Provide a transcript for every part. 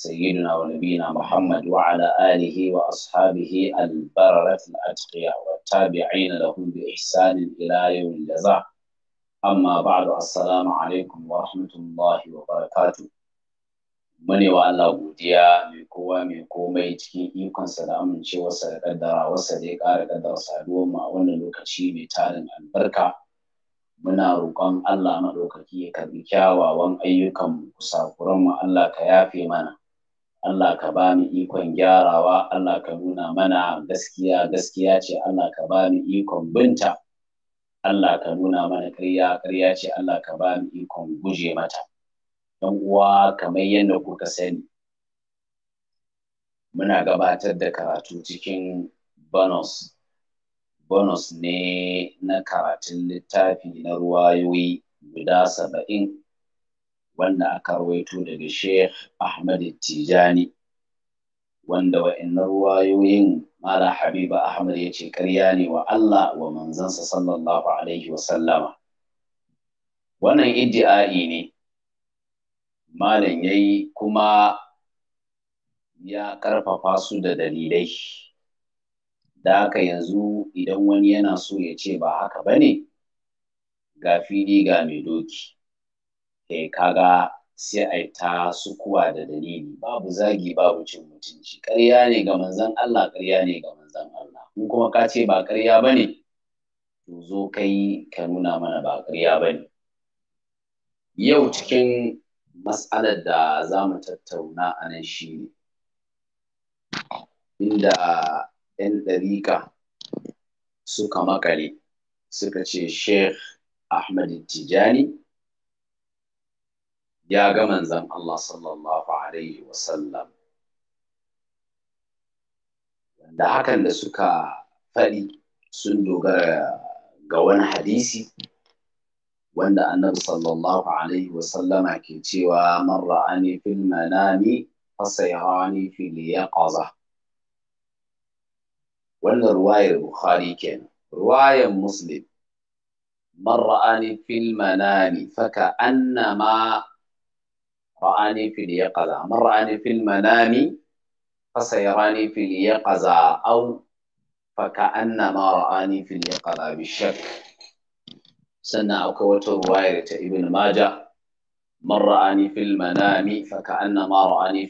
سيدنا ونبينا محمد وعلى آله وأصحابه البررة الأتقياء والتابعين لهم بإحسان إلى يوم الجزاء أما بعد السلام عليكم ورحمة الله وبركاته mune wa Allah godiya mai kowa mai komai cikin ikonsa da amincewarsa da kaddara wasa da ya ƙara kaddara saduwar mu a wannan lokaci mai tarin albarka muna roƙon Allah maɗaukaki ya karbi kyawawan ayyukan kusakuran mu Allah ka yafe mana Allah ka ba mu ikon gyarawa Allah ka nuna mana gaskiya gaskiya ce Allah ka ba mu ikon binta Allah ka nuna mana ƙarya ƙarya ce Allah ka ba mu ikon guje mata Yan uwa kamar yadda kuka sani muna gabatar da karatu cikin bonus bonus ne na karatun littafi na ruwayoyi guda saba'in wanda aka rawaito daga Sheikh Ahmad Tijani wanda wa'annan ruwayoyin Mala Habiba Ahmad ya ce ƙarya ne wa Allah wa manzansa sallallahu alaihi wa sallama wannan iddi'ai ne malam yayi kuma ya ƙarfafa su da dalilai da haka yanzu idan wani yana so ya ce ba haka bane ga fili ga mai doki eh kaga sai yi ta sukuwa da dalili babu zagi babu cin mutunci ƙarya ne ga manzan Allah ƙarya ne ga manzan Allah in kuma ka ce ba ƙarya bane to zo kai ka nuna mana ba ƙarya ba ne. yau cikin matsalar da za mu tattauna a nan shi ne inda 'yan ɗariƙa suka makale suka ce sheikh ahmad tijani ya ga manzan Allah sallallahu alaihi wasallam wanda hakan da suka faɗi sun dogara ga wani hadisi wanda annabi sallallahu alaihi wasallama ke cewa man ra'ani fil manami fasayarani fil yaqaza wannan ruwayar bukhari kenan ruwayar muslim man ra'ani fil manami faka annama ra'ani fil yaqaza man ra'ani fil manami fasayarani fil yaqaza aw faka'annama ra'ani fil yaqaza bi shakk sannan akwai wata ruwayar ta ibn maja man ra'ani fil manami faka'annama ra'ani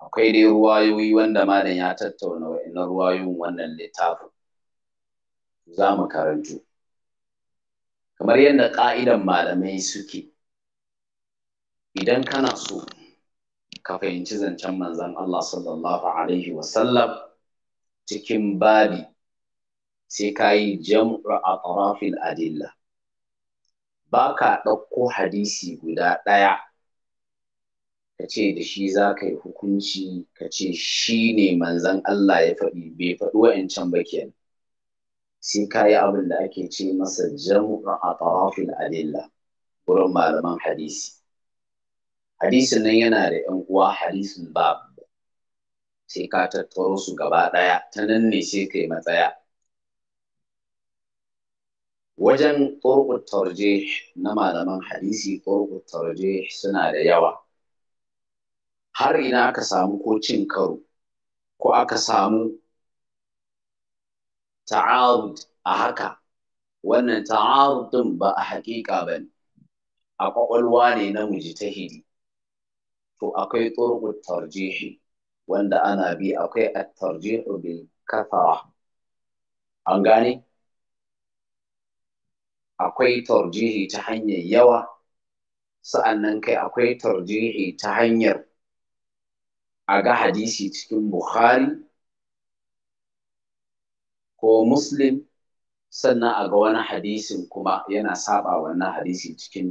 akwai dai ruwayoyi wanda malam ya tattauna wa'annan ruwayoyin wannan littafin za mu karantu kamar yadda ƙa'idan malamai suke idan kana so ka fahimci zancen manzan Allah sallallahu alaihi wasallam cikin babi sai ka yi jam'u a tarafil adilla ba ka ɗauko hadisi guda ɗaya ka ce da shi za ka yi hukunci ka ce shi ne manzan Allah ya faɗi bai faɗi wa'ancan ba kenan sai ka yi abin da ake ce masa jam'u a tarafil adilla wurin malaman hadisi hadisin nan yana da yan uwa hadisin ba sai ka tattaro su gaba ɗaya ta nan ne sai kai matsaya wajen turkut na malaman hadisi turkut suna da yawa har ina aka samu ko cin karo ko aka samu ta'arud a haka wannan ta'arudin ɗin ba a haƙiƙa ba ne a ƙwaƙwalwa ne na mujtahidi to akwai turqut tarjihi wanda ana bi akwai a tarjihu bil an gane akwai tarjihi ta hanyar yawa sa'annan kai akwai tarjihi ta hanyar a ga hadisi cikin Bukhari ko Muslim sannan a ga wani hadisin kuma yana saba wannan hadisi cikin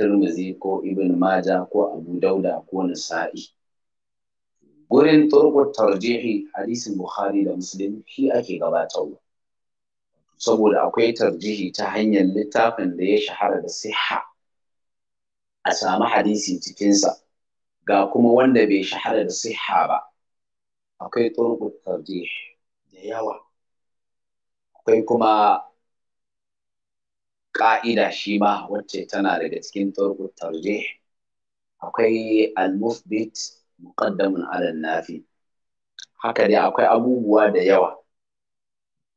Tirmizi ko Ibn Maja ko Abu Dauda ko Nasa'i. Gurin turkut tarjihi hadisin Bukhari da Muslim shi ake gabatarwa. Saboda akwai tarjihi ta hanyar littafin da ya shahara da siha a sami hadisi cikinsa ga kuma wanda bai shahara da siha ba. Akwai turkut tarjihi da yawa. Akwai kuma Ka'ida shi ma wacce tana daga cikin turkut tarjih akwai al-musbit muqaddamun ala nafi haka dai akwai abubuwa da yawa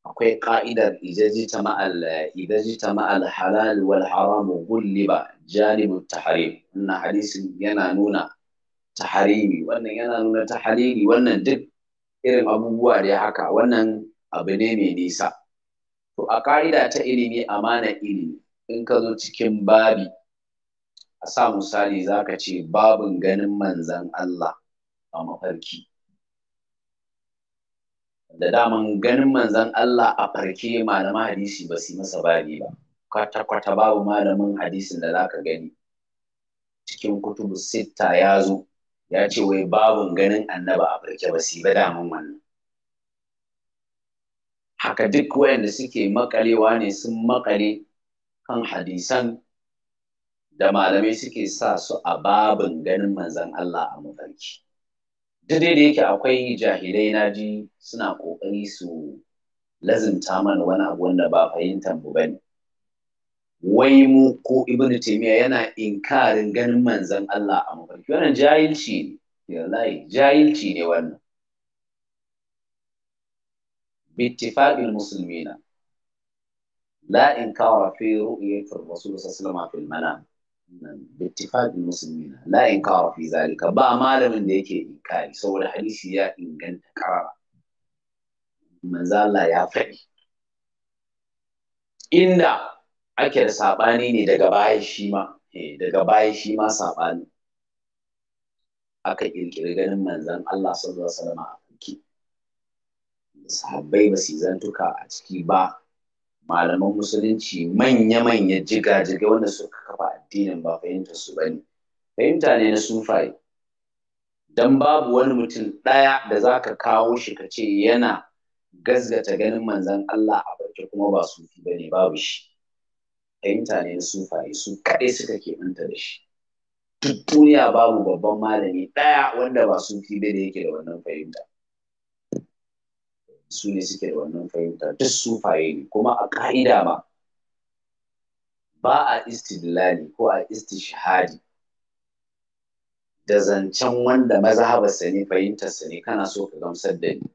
akwai ƙa'idar idajita ma'al halal wal haramu gulliba janibun taharim wannan hadisin yana nuna taharimi wannan yana nuna taharimi wannan duk irin abubuwa dai haka wannan abu ne mai nisa to a ƙa'ida ta ilimi amana ilimi in ka zo cikin babi a sa misali za ka ce babin ganin manzan Allah a mafarki da daman ganin manzan Allah a farke malaman hadisi ba su masa babi ba kwata-kwata babu malamin hadisin da za ka gani cikin kutubu sitta ya zo ya ce wai babin ganin Annabi a farke ba su ba daman wannan haka duk wayanda suke makalewa ne sun makale kan hadisan da malamai suke sa su a babin ganin manzan Allah a mafarki. Duk da yake akwai jahilai na ji suna ƙoƙari su lazimta mana wani abu wanda ba fahimtar mu bane. Wai mu ko Ibn Taymiyyah yana inkarin ganin manzan Allah a mafarki. Wannan jahilci ne, jahilci ne wannan. باتفاق المسلمين لا إنكار في رؤية الرسول صلى الله عليه وسلم في المنام باتفاق المسلمين لا إنكار malamin da yake inkari saboda hadisi ya inganta karara manzo ya faɗi inda ake da saɓani ne daga baya shi ma saɓani aka ƙirƙiri ganin manzon Allah sallallahu alaihi sahabbai ba su zantuka a ciki ba malaman musulunci manya-manya jiga-jiga wanda suka kafa addinin ba fahimtar su ba fahimta ne na sufaye don babu wani mutum ɗaya da za ka kawo shi ka ce yana gazgata ganin manzan Allah a barke kuma ba sufi ba ne babu shi fahimta ne na sufaye su kaɗai suka keɓanta da shi duk duniya babu babban malami ɗaya wanda ba sufi ba da yake da wannan fahimta su ne suke da wannan fahimta duk su faye ne kuma a ƙa'ida ma ba a istidlali ko a istishhadi da zancen wanda mazhabarsa ne fahimtarsa ne kana so ka gamsar da ni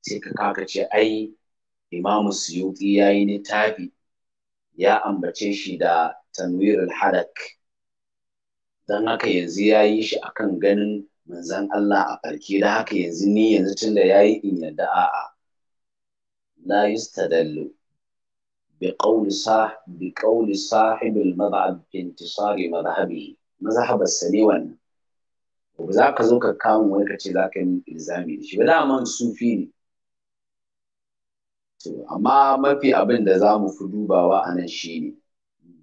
sai ka kaka ce ai imamu suyuti ya yi littafi ya ambace shi da tanwirul hadak don haka yanzu ya yi shi akan ganin manzan Allah a farke da haka yanzu ni yanzu tun da ya yi in yadda a'a لا يستدل بقول صاحب بقول صاحب المذهب في انتصار مذهبه مذهب السليوان ba za ka zo ka kama wani ka ce za ka yi ilzami da shi ba daman sufi ne amma mafi abin da za mu fi dubawa a nan shi ne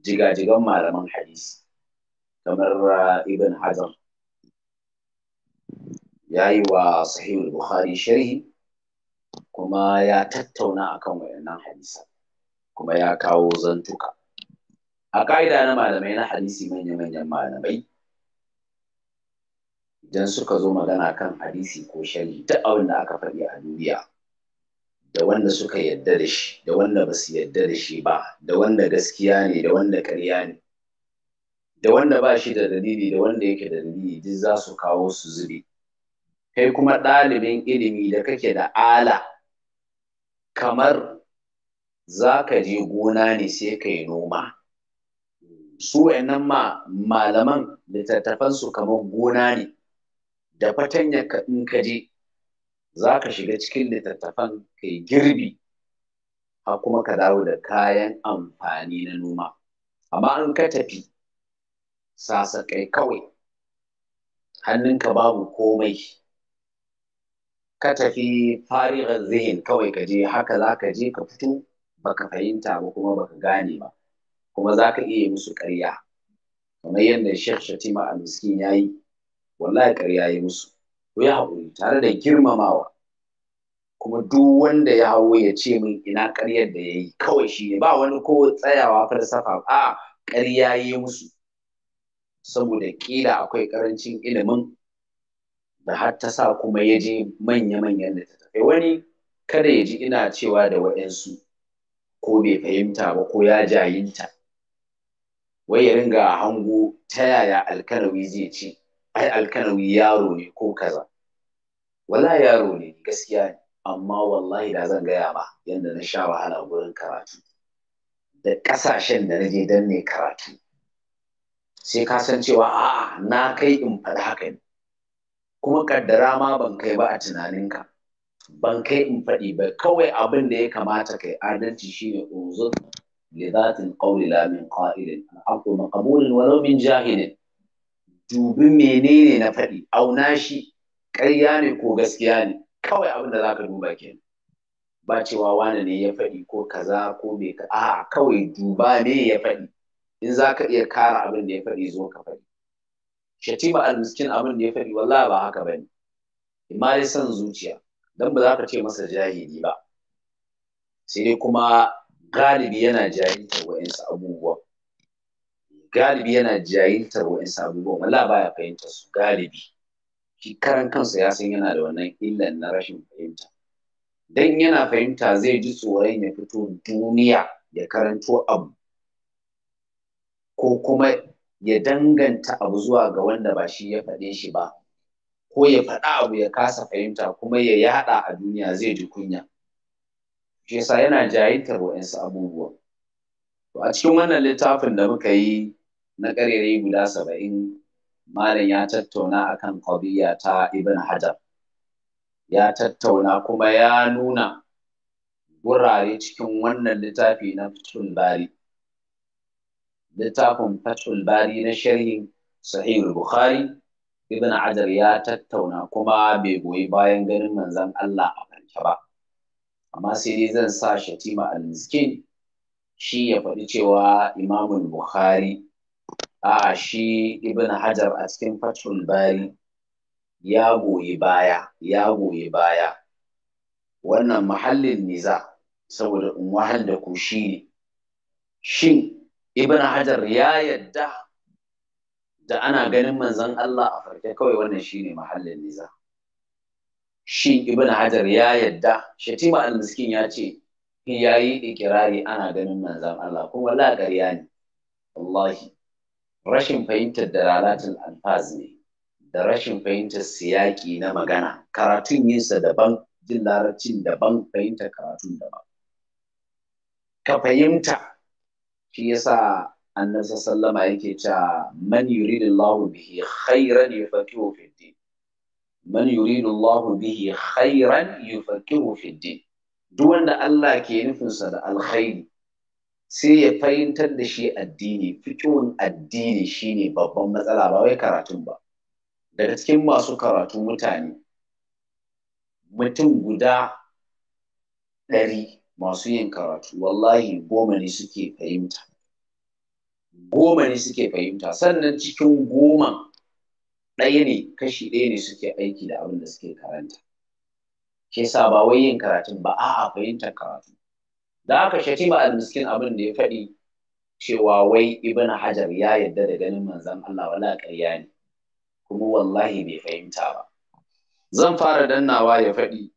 Jiga-jigan malaman hadisi kamar ibn hajar ya yi wa sahihul bukhari sharhi kuma ya tattauna akan wayannan hadisan, kuma ya kawo zantuka a ƙa'ida na malamai na hadisi manya-manyan malamai idan suka zo magana kan hadisi ko shari ta abin da aka faɗi a duniya da wanda suka yadda da shi da wanda ba su yadda da shi ba da wanda gaskiya ne da wanda ƙarya ne da wanda ba shi da dalili da wanda yake da dalili duk za su kawo su zube kai kuma ɗalibin ilimi da kake da ala kamar za ka je gona ne sai ka yi noma su wa'annan ma malaman littattafansu kamar gona ne da fatanya ka in ka je za ka shiga cikin littattafan ka girbi a kuma ka dawo da kayan amfani na noma amma an ka tafi sasakai kawai hannunka babu komai ka tafi farigar zihin kawai ka je haka za ka je ka fito baka fahimta ba kuma baka gane ba kuma za ka iya musu karya. kamar yadda Sheikh Shatima al-Miskin ya yi wallahi ƙarya ya musu ku yi haƙuri tare da girmamawa kuma duk wanda ya hau ya ce min ina karyar da ya yi kawai shi ne ba wani ko tsayawa falsafa a ƙarya ya musu saboda ƙila akwai ƙarancin ilimin da har ta sa kuma ya je manya-manyan da ta wani kada ya ji ina cewa da waɗansu ko bai fahimta ba ko ya jayinta wai ya ringa hango ta yaya alkanawi zai ce ai alkanawi yaro ne ko kaza wala yaro ne gaskiya ne amma wallahi da zan gaya ba yadda na sha wahala wurin karatu da ƙasashen da na je don ne karatu sai ka san cewa a'a na kai in faɗi haka ne kuma kaddara ma ban kai ba a tunaninka ban kai in faɗi ba kawai abin da ya kamata kai adalci shine uzur li zatin qawli la min qa'ilin aqu maqbulun walau min jahilin dubi menene na faɗi auna shi ƙarya ne ko gaskiya ne kawai abin da zaka duba kenan ba cewa wane ne ya faɗi ko kaza ko me ka a kawai duba ne ya faɗi in zaka iya kara abin da ya faɗi zo ka faɗi Shatima al-miskin abin da ya faɗi wallahi ba haka bane ne. dai san zuciya dan ba za ka ce masa jahili ba sai dai kuma galibi yana jahilta wa'insu abubuwa galibi yana jahiltar wa'insu abubuwa wallahi baya fahimtar su galibi shi karan kansa ya san yana da wannan illan na rashin fahimta dan yana fahimta zai ji tsoron ya fito duniya ya karanto abu ko kuma ya danganta abu zuwa ga wanda ba shi ya faɗe shi ba ko ya faɗa abu ya kasa fahimta kuma ya yaɗa a duniya zai ji kunya shi yasa yana wa wa'insu abubuwa to a cikin wannan littafin da muka yi na ƙarerai guda saba'in malam ya tattauna akan qadiyya ta ibn hajar ya tattauna kuma ya nuna gurare cikin wannan littafi na fitun bari littafin fatul bari na sharhin sahihul bukhari ibn hajar ya tattauna kuma bai goyi bayan ganin manzon Allah a kanta ba amma sai dai zan sa shatima al-miskin shi ya faɗi cewa Imamin bukhari a shi ibn hajar a cikin fatul bari ya goyi baya ya goyi baya wannan mahallin niza saboda in da ku shi shin ibn hajar ya yadda da ana ganin manzon Allah a farke kawai wannan shine mahallin niza shi ibn hajar ya yadda shatima al-miskin ya ce ya yi ikirari ana ganin manzon Allah kuma la ƙarya ne wallahi rashin fahimtar dalalatul alfaz ne da rashin fahimtar siyaki na magana karatun yinsa daban jin larabcin daban fahimtar karatun daban ka fahimta shi yasa annabi sallama yake cewa man yuridullahu bihi khairan yufaqihu fid din man yuridullahu bihi khairan yufaqihu fid din duk wanda Allah ke nufinsa da alkhairi sai ya fahimtar da shi addini fiqhun addini shine babban matsala ba wai karatun ba daga cikin masu karatu mutane mutum guda ɗari masu yin karatu wallahi goma ne suke fahimta goma ne suke fahimta sannan cikin goma ɗaya ne kashi ɗaya ne suke aiki da abin da suke karanta ke sa ba wai yin karatun ba a'a fahimtar karatu da aka shati ba almiskin abin da ya faɗi cewa wai ibn hajar ya yarda da ganin manzan Allah wala ƙarya ne kuma wallahi bai fahimta ba zan fara dannawa ya faɗi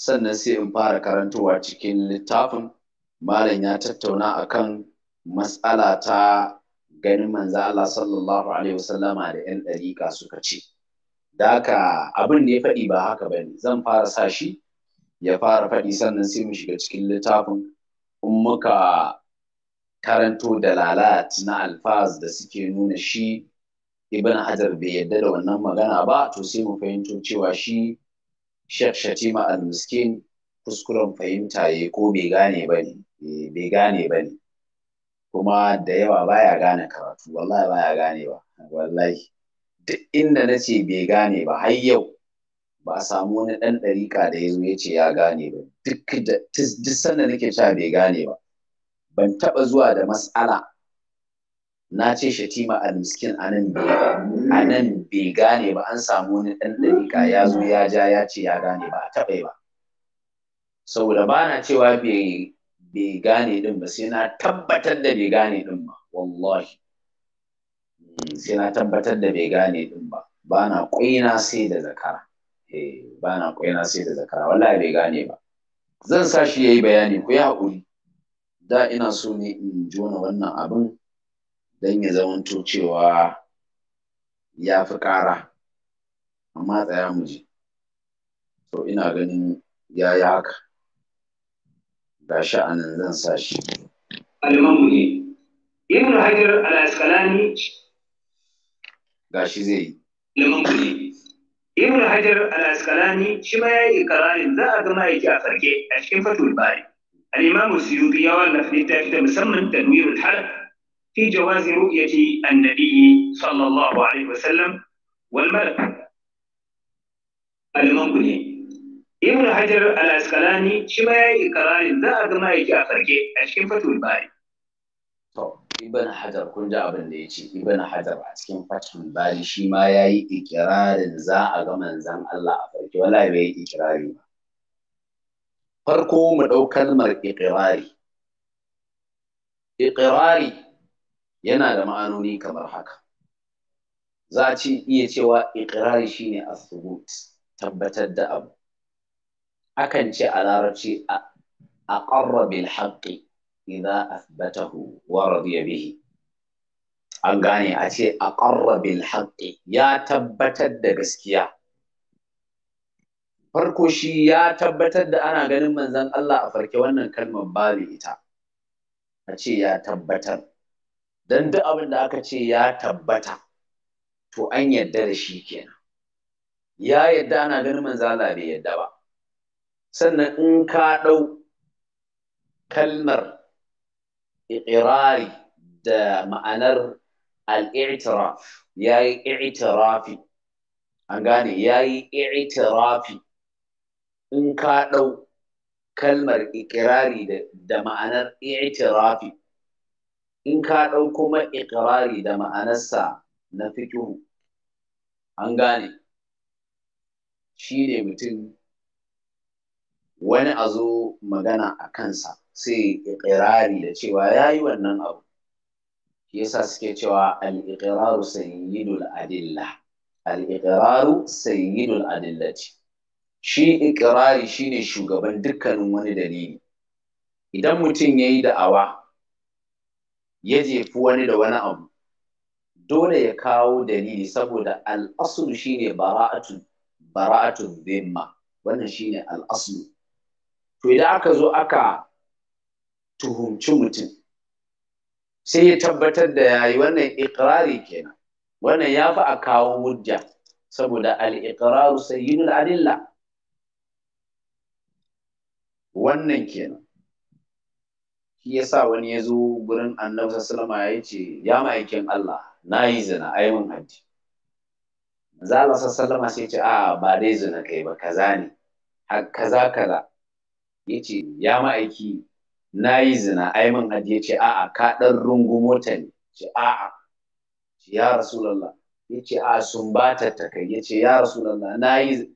sannan sai in fara karantowa cikin littafin malam ya tattauna a kan matsala ta ganin manza, Allah sallallahu alaihi wasallama da yan dariƙa suka ce da haka abin ne ya faɗi ba haka ba ne, zan fara sa shi ya fara faɗi sannan sai mu shiga cikin littafin in muka karanto da lalat na alfaz da suke nuna shi ibn hajar bai yadda da wannan magana ba to sai mu fahimto cewa shi Sheikh Shatima al-Miskin kuskuren fahimta ya ko bai gane ba ne, eh, bai gane ba ne. Kuma da yawa baya gane karatu, wallahi baya gane ba, wallahi. Duk inda na ce bai gane ba har yau ba a samu wani ɗan ɗariƙa da ya zo ya ce ya gane ba. Duk sanda nake cewa bai gane ba. Ban taɓa zuwa da mas'ala na ce shatima al-miskin anan anan bai gane ba an samu wani ɗan ɗariƙa ya zo ya ja ya ce ya gane ba a taɓa ba saboda ba na cewa bai gane ɗin ba sai na tabbatar da bai gane ɗin ba wallahi hmm, sai na tabbatar da bai gane ɗin ba ba na ƙwaina sai da zakara eh, ba na ƙwaina sai da zakara wallahi bai gane ba zan sa shi ya yi bayani ku yi haƙuri da ina so ne in jona wannan abin don ya zamanto cewa ya fi ƙara amma tsaya mu ji to ina ganin ya yi haka ga sha'anin zan sa shi alimanmu ne ibn hajjar al-asqalani ga shi zai yi alimanmu ne ibn hajjar al-asqalani shi ma ya yi ikirarin za a ga yake a farke a cikin fatul bari al-imamu suyuti na wallafa littafi da musamman tanwirul halal في جواز رؤية النبي صلى الله عليه وسلم والملك المنقل ابن حجر العسقلاني شما يأي قرار ذا يجي أفرقه أشكين فتو الباري Ibn Hajar kun ji abin ya ce Ibn Hajar a cikin fatin bari shi ma ya yi ikirarin za ga manzan Allah a farki wala yi ikirari ba. Farko mu ɗau kalmar ikirari. Ikirari yana da ma'anoni kamar haka za a ci iya cewa iƙirari shine as-subut tabbatar da abu akan ce a larabci a qarra bil haqqi idza wa radiya bihi an gane a ce a qarra bil ya tabbatar da gaskiya farko shi ya tabbatar da ana ganin manzon Allah a farke wannan kalmar babu ita a ce ya tabbatar dan duk abin da aka ce ya tabbata to an yadda da shi kenan ya yadda ana ganin manzala bai yadda ba sannan in ka ɗau kalmar iƙirari da ma'anar al ya yi i'tirafi an gane yayi yi i'tirafi in ka ɗau kalmar iƙirari da ma'anar i'tirafi in ka ɗauko kuma iƙirari da ma'anarsa na fikihu an gane shi ne mutum wani a zo magana a kansa sai ikirari da cewa ya yi wannan abu yasa suke cewa al-iqraru sayyidul adilla al-iqraru sayyidul ce shi shi ne shugaban dukkanin wani dalili idan mutum ya yi da'awa ya jefi wani da wani abu dole ya kawo dalili saboda al'asul shine bara'atu bara'atu dhimma wannan shine al'asul to idan aka zo aka tuhumci mutum sai ya tabbatar da yayi wannan iqrari kenan wannan ya fi a kawo hujja saboda al-iqraru sayyidul adilla wannan kenan shi yasa wani ya zo gurin annabta sallama ya ce ya ma'aikin Allah na yi zina ai mun hajji a Allah sallama sai ce a ba dai zina kai ba kaza ne har kaza kaza ce ya ma'aiki na yi zina yi mun hajji ce a a ka dan rungumo ta ne ce a a ya Ya ce a ba ta kai ce ya lalla na yi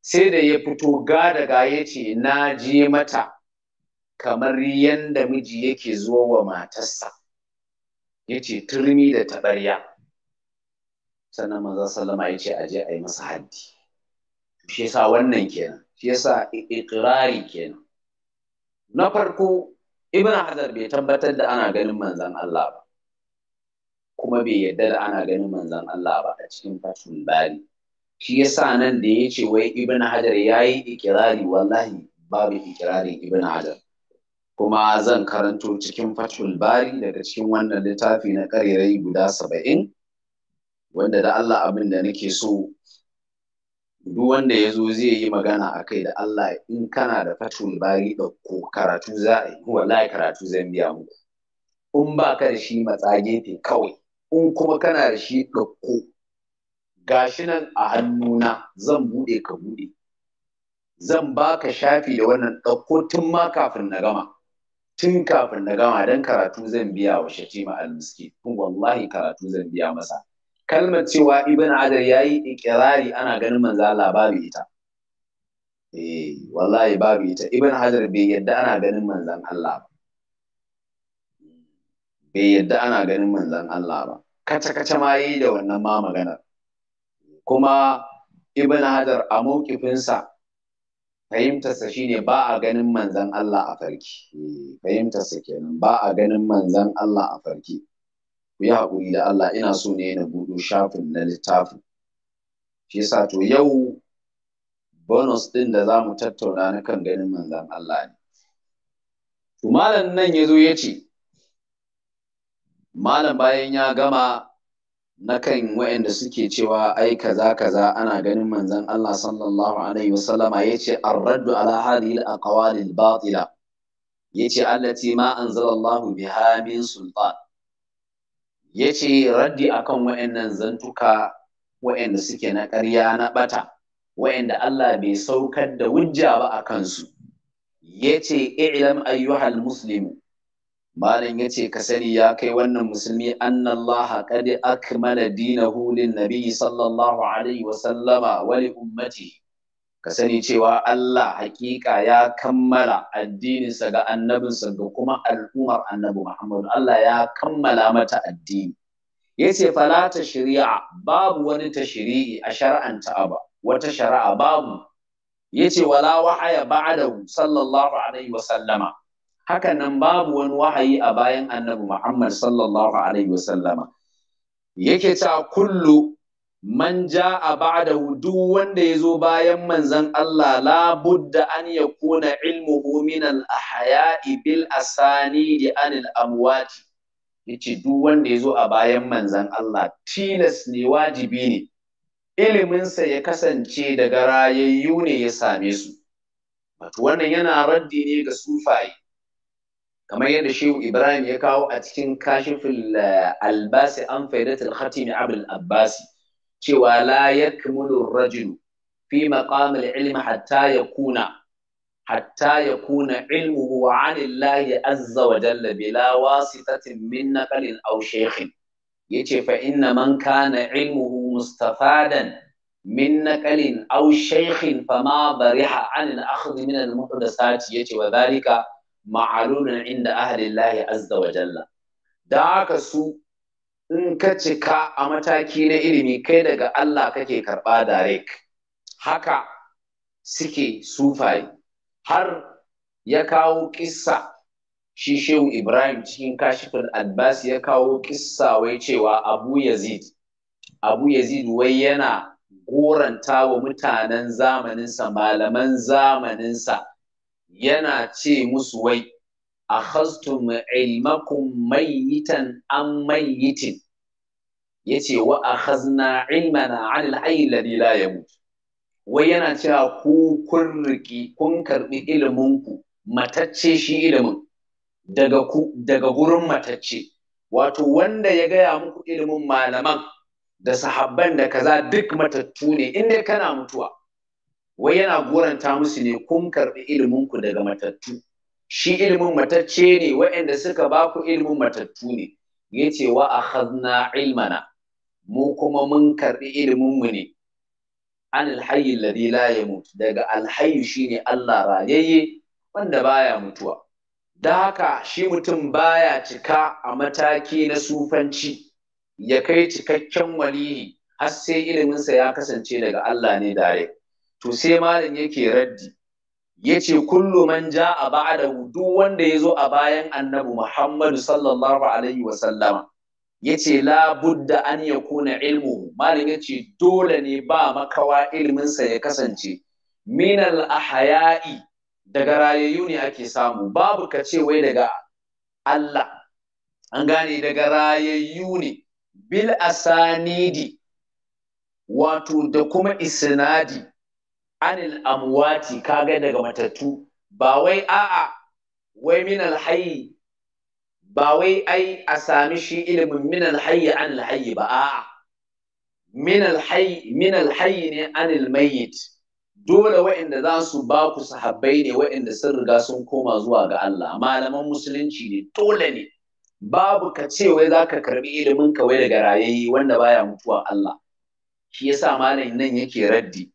sai da ya fito ga daga ce na je mata kamar yanda miji yake zuwa wa matarsa yace turmi da taɓarya. sannan manzo sallama yace aje a yi masa haddi shi yasa wannan kenan shi yasa iqrari kenan na farko ibn hazar bai tabbatar da ana ganin manzon Allah ba kuma bai yarda da ana ganin manzon Allah ba a cikin fatul bari shi yasa nan da yace wai ibn hajar yayi ikirari wallahi babu ikirarin ibn hajar kuma zan karanto cikin fatul bari daga cikin wannan littafi na karerai guda saba'in wanda da Allah abin da nake so duk wanda ya zo zai yi magana a kai da Allah in kana da fatul bari ɗauko karatu za a yi wallahi karatu zan biya muku in ba ka da shi matsa gefe kawai in kuma kana da shi ɗauko gashi nan a hannuna zan buɗe ka buɗe zan baka shafi da wannan ɗauko tun ma kafin na gama tun kafin na gama dan karatu zan biya wa shatima almiski kun wallahi karatu zan biya masa kalmar cewa ibn adar yayi ikirari ana ganin manzo Allah babu ita eh wallahi babu ita ibn hajar bai yadda ana ganin manzon Allah ba bai yadda ana ganin manzon Allah ba kace kace ma yi da wannan ma maganar kuma ibn hajar a maukifinsa fahimtarsa shine ba a ganin manzan Allah a farki eh, fahimtarsa kenan ba a ganin manzan Allah a farki ku yi haƙuri da Allah ina so ne na buɗo shafin na littafin shi yasa to yau bonus ɗin da zamu tattauna na kan ganin manzan Allah ne to malam nan ya zo ya ce malam bayan ya gama na kan wa'anda suke cewa ai kaza kaza ana ganin manzon Allah sallallahu alaihi wasallama yace ar-raddu ala hadhihi al-aqwali al-batila yace allati ma anzalallahu biha min sultan yace raddi akan wa'annan zantuka wa'anda suke na ƙarya na ɓata, wa'anda Allah bai saukar da hujja ba a kansu yace i'lam ayyuhal muslimu malam ce, ka sani ya kai wannan musulmi annallaha qad akmala dinahu lin nabi sallallahu alaihi wa sallama wa li ummati ka sani cewa Allah hakika ya kammala addininsa ga annabinsa ga kuma al'ummar annabi Muhammad Allah ya kammala mata addini yace fala ta shari'a babu wani ta a shar'anta aba wata shari'a babu yace wala wahaya ba'dahu sallallahu alaihi wa sallama haka nan babu wani wahayi a bayan annabi Muhammad sallallahu alaihi wa sallama. yake ta kullu man ja'a ba'dahu duk wanda yazo bayan manzon Allah la budda an yakuna ilmuhu min al-ahya'i bil di an al-amwat yace duk wanda yazo a bayan manzon Allah tilas ne wajibi ne iliminsa ya kasance daga rayayyu ne ya same su wato wannan yana raddi ne ga sufaye kamar yadda shehu ibrahim ya kawo a cikin kashifin eh, albasi an faidatul khatimi abul abbasi cewa la yakmulu rajulu fi maqamil ilmi hatta yakuna hatta yakuna ilmuhu an Allah azza wa jalla bila wasitatin min naqalin aw shaykhin yace fa inna man kana ilmuhu mustafadan min naqalin aw shaykhin fama bariha an al-akhdh min al-muhdasat yace wa dhalika ma'alunan inda ahlillahi azza wa jalla da haka su in ka cika a mataki na ilimi kai daga Allah kake karɓa direct haka suke sufaye har ya kawo kissa shi shehu Ibrahim cikin kashifin albasi ya kawo kissa wai cewa Abu Yazid Abu Yazid wai yana goranta wa mutanen zamaninsa malaman zamaninsa yana ce musu wai a akhaztum ilmakum mayyitan am ya ce wa hazna ilmana an al-hayy ya mutu? mutu wai yana cewa ku kun riki kun karbi ilimin matacce shi ilimin daga ku gurin matacce wato wanda ya gaya muku ilimin malaman da sahabban da kaza duk matattu ne in dai kana mutuwa wai yana goranta musu ne kun karɓi ilimin ku daga matattu shi ilimin matacce ne waɗanda suka ba ku ilimin matattu ne Ya ce wa hazna ilmana mu kuma mun karɓi ilimin mu ne an alhayi ladi la mutu. daga shi shine Allah rayayye wanda baya mutuwa da haka shi mutum baya cika a mataki na sufanci ya kai cikakken walihi har sai iliminsa ya kasance daga Allah ne direct to sai malam yake raddi yace kullu man jaa ba'da duk wanda yazo a bayan annabi Muhammad sallallahu alaihi wa sallama yace la budda an yakuna ilmu malam yace dole ne ba makawa ilmin sa ya kasance min al ahya'i daga rayayyu ne ake samu babu kace wai daga Allah an gane daga rayayyu ne bil asanidi wato da kuma isnadi anil amwati kaga daga matattu ba wai a'a wai minal hayyi. ba wai ai a sami shi ilimin minal hayyi an hayyi ba a'a minal hayyi ne anil mayyit dole waɗanda za su ba ku sahabbai ne waɗanda sun riga sun koma zuwa ga Allah malaman musulunci ne dole ne babu ka ce wai za ka karbi ilimin ka wai daga rayayi, wanda baya mutuwa Allah shi yasa malamin nan yake raddi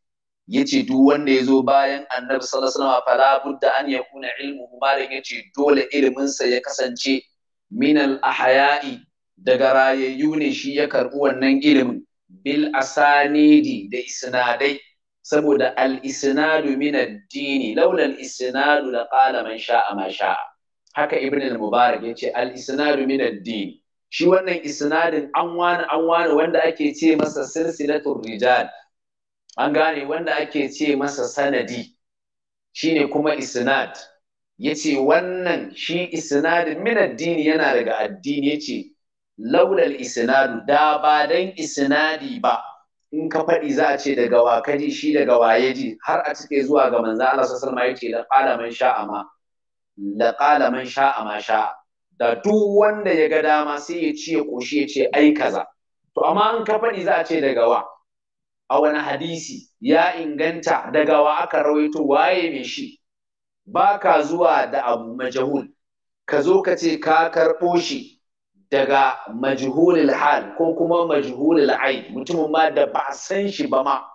yace duk wanda ya zo bayan annabi sallallahu alaihi wasallam fala budda an yakuna ilmuhu ya yace dole ilimin sa ya kasance min al ahya'i daga rayayyu ne shi ya karbi wannan ilimin bil asanidi da isnadai saboda al isnadu min ad-dini laula al isnadu la qala man sha'a ma sha'a haka ibn al mubarak yace al isnadu min ad-dini shi wannan isnadin an wani an wani wanda ake ce masa silsilatul rijal an gane wanda ake ce masa sanadi shine kuma isnad yace wannan shi isnadin min addini yana daga addini yace laulal isnadu da ba dan isnadi ba in ka faɗi za a ce daga wa ji shi daga waye ji har a cike zuwa ga manzo Allah sallallahu alaihi wasallam yace la man sha'a ma la qala sha'a ma sha'a da duk wanda ya ga dama sai ya ce koshi ya ce ai kaza to amma in ka faɗi za a ce daga wa a wani hadisi ya inganta daga wa aka rawaito waye mai shi ba ka zuwa da abu majahul ka zo ka ce ka karɓo shi daga majhulul hal ko kuma majhulul ai mutumin ma da ba a san shi ba ma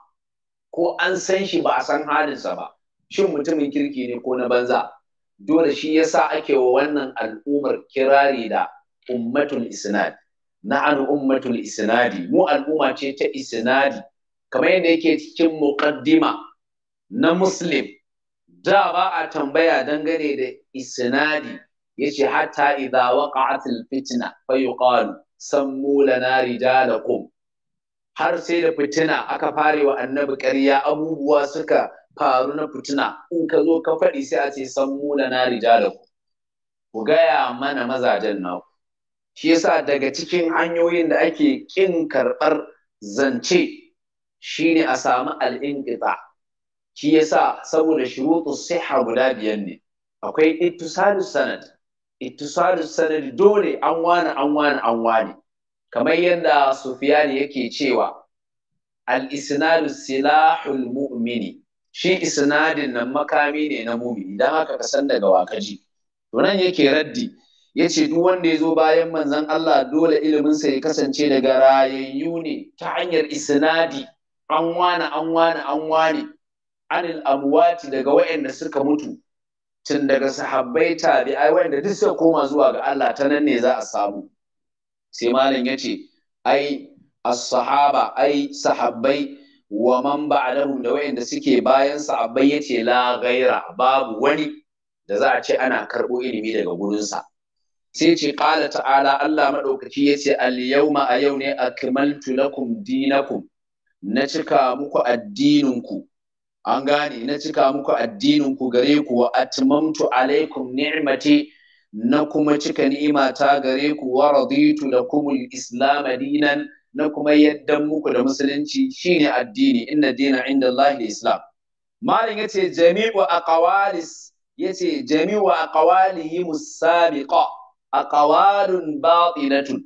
ko an san shi ba a san halinsa ba shin mutumin kirki ne ko na banza dole shi yasa ake wa wannan al'ummar kirari da ummatul isnad na an ummatul isnadi mu al'umma ce ta isnadi kamar yadda yake cikin muqaddima na muslim da ba a tambaya dangane da isnadi yace hatta idza waqa'at al-fitna fa yuqalu sammu lana rijalakum har sai da fitina aka fare wa annabi ƙarya abubuwa suka faru na fitina in ka zo ka faɗi sai a ce sammu lana rijalakum ku gaya mana mazajen naku shi yasa daga cikin hanyoyin da ake ƙin karɓar zance shine a samu al shi shi yasa saboda sai siha guda biyar ne akwai ittisalu sanad ittisalu sanad dole an wani an wani an wani kamar yadda sufiyani yake cewa al silahul mu'mini shi isinadin nan makami ne na mumi idan haka ka san daga wakaji to nan yake raddi yace duk wanda ya zo bayan manzon Allah dole iliminsa ya kasance daga rayayyu ne ta hanyar isinadi. an wani an wani an wane anil amwati daga waɗanda suka mutu tun daga sahabbai tabi'ai waɗanda duk suka koma zuwa ga Allah ta nan ne za a samu sai malam yace ai as-sahaba ai sahabbai wa man ba'dahum da waɗanda suke bayan sahabbai yace la ghaira babu wani da za a ce ana karɓo ilimi daga gurinsa sai ce qala ta'ala Allah madaukaki yace al yawma a yau ne akmaltu lakum dinakum na cika muku addininku an gane na cika muku addininku gare ku wa atmamtu alaikum ni'mati na kuma cika ni'imata gare ku wa raditu lakum al-islam dinan na kuma yadda muku da musulunci shine addini inna dina inda Allah islam malin yace jami'u aqwalis yace jami'u aqwalihi musabiqa aqwalun batilatun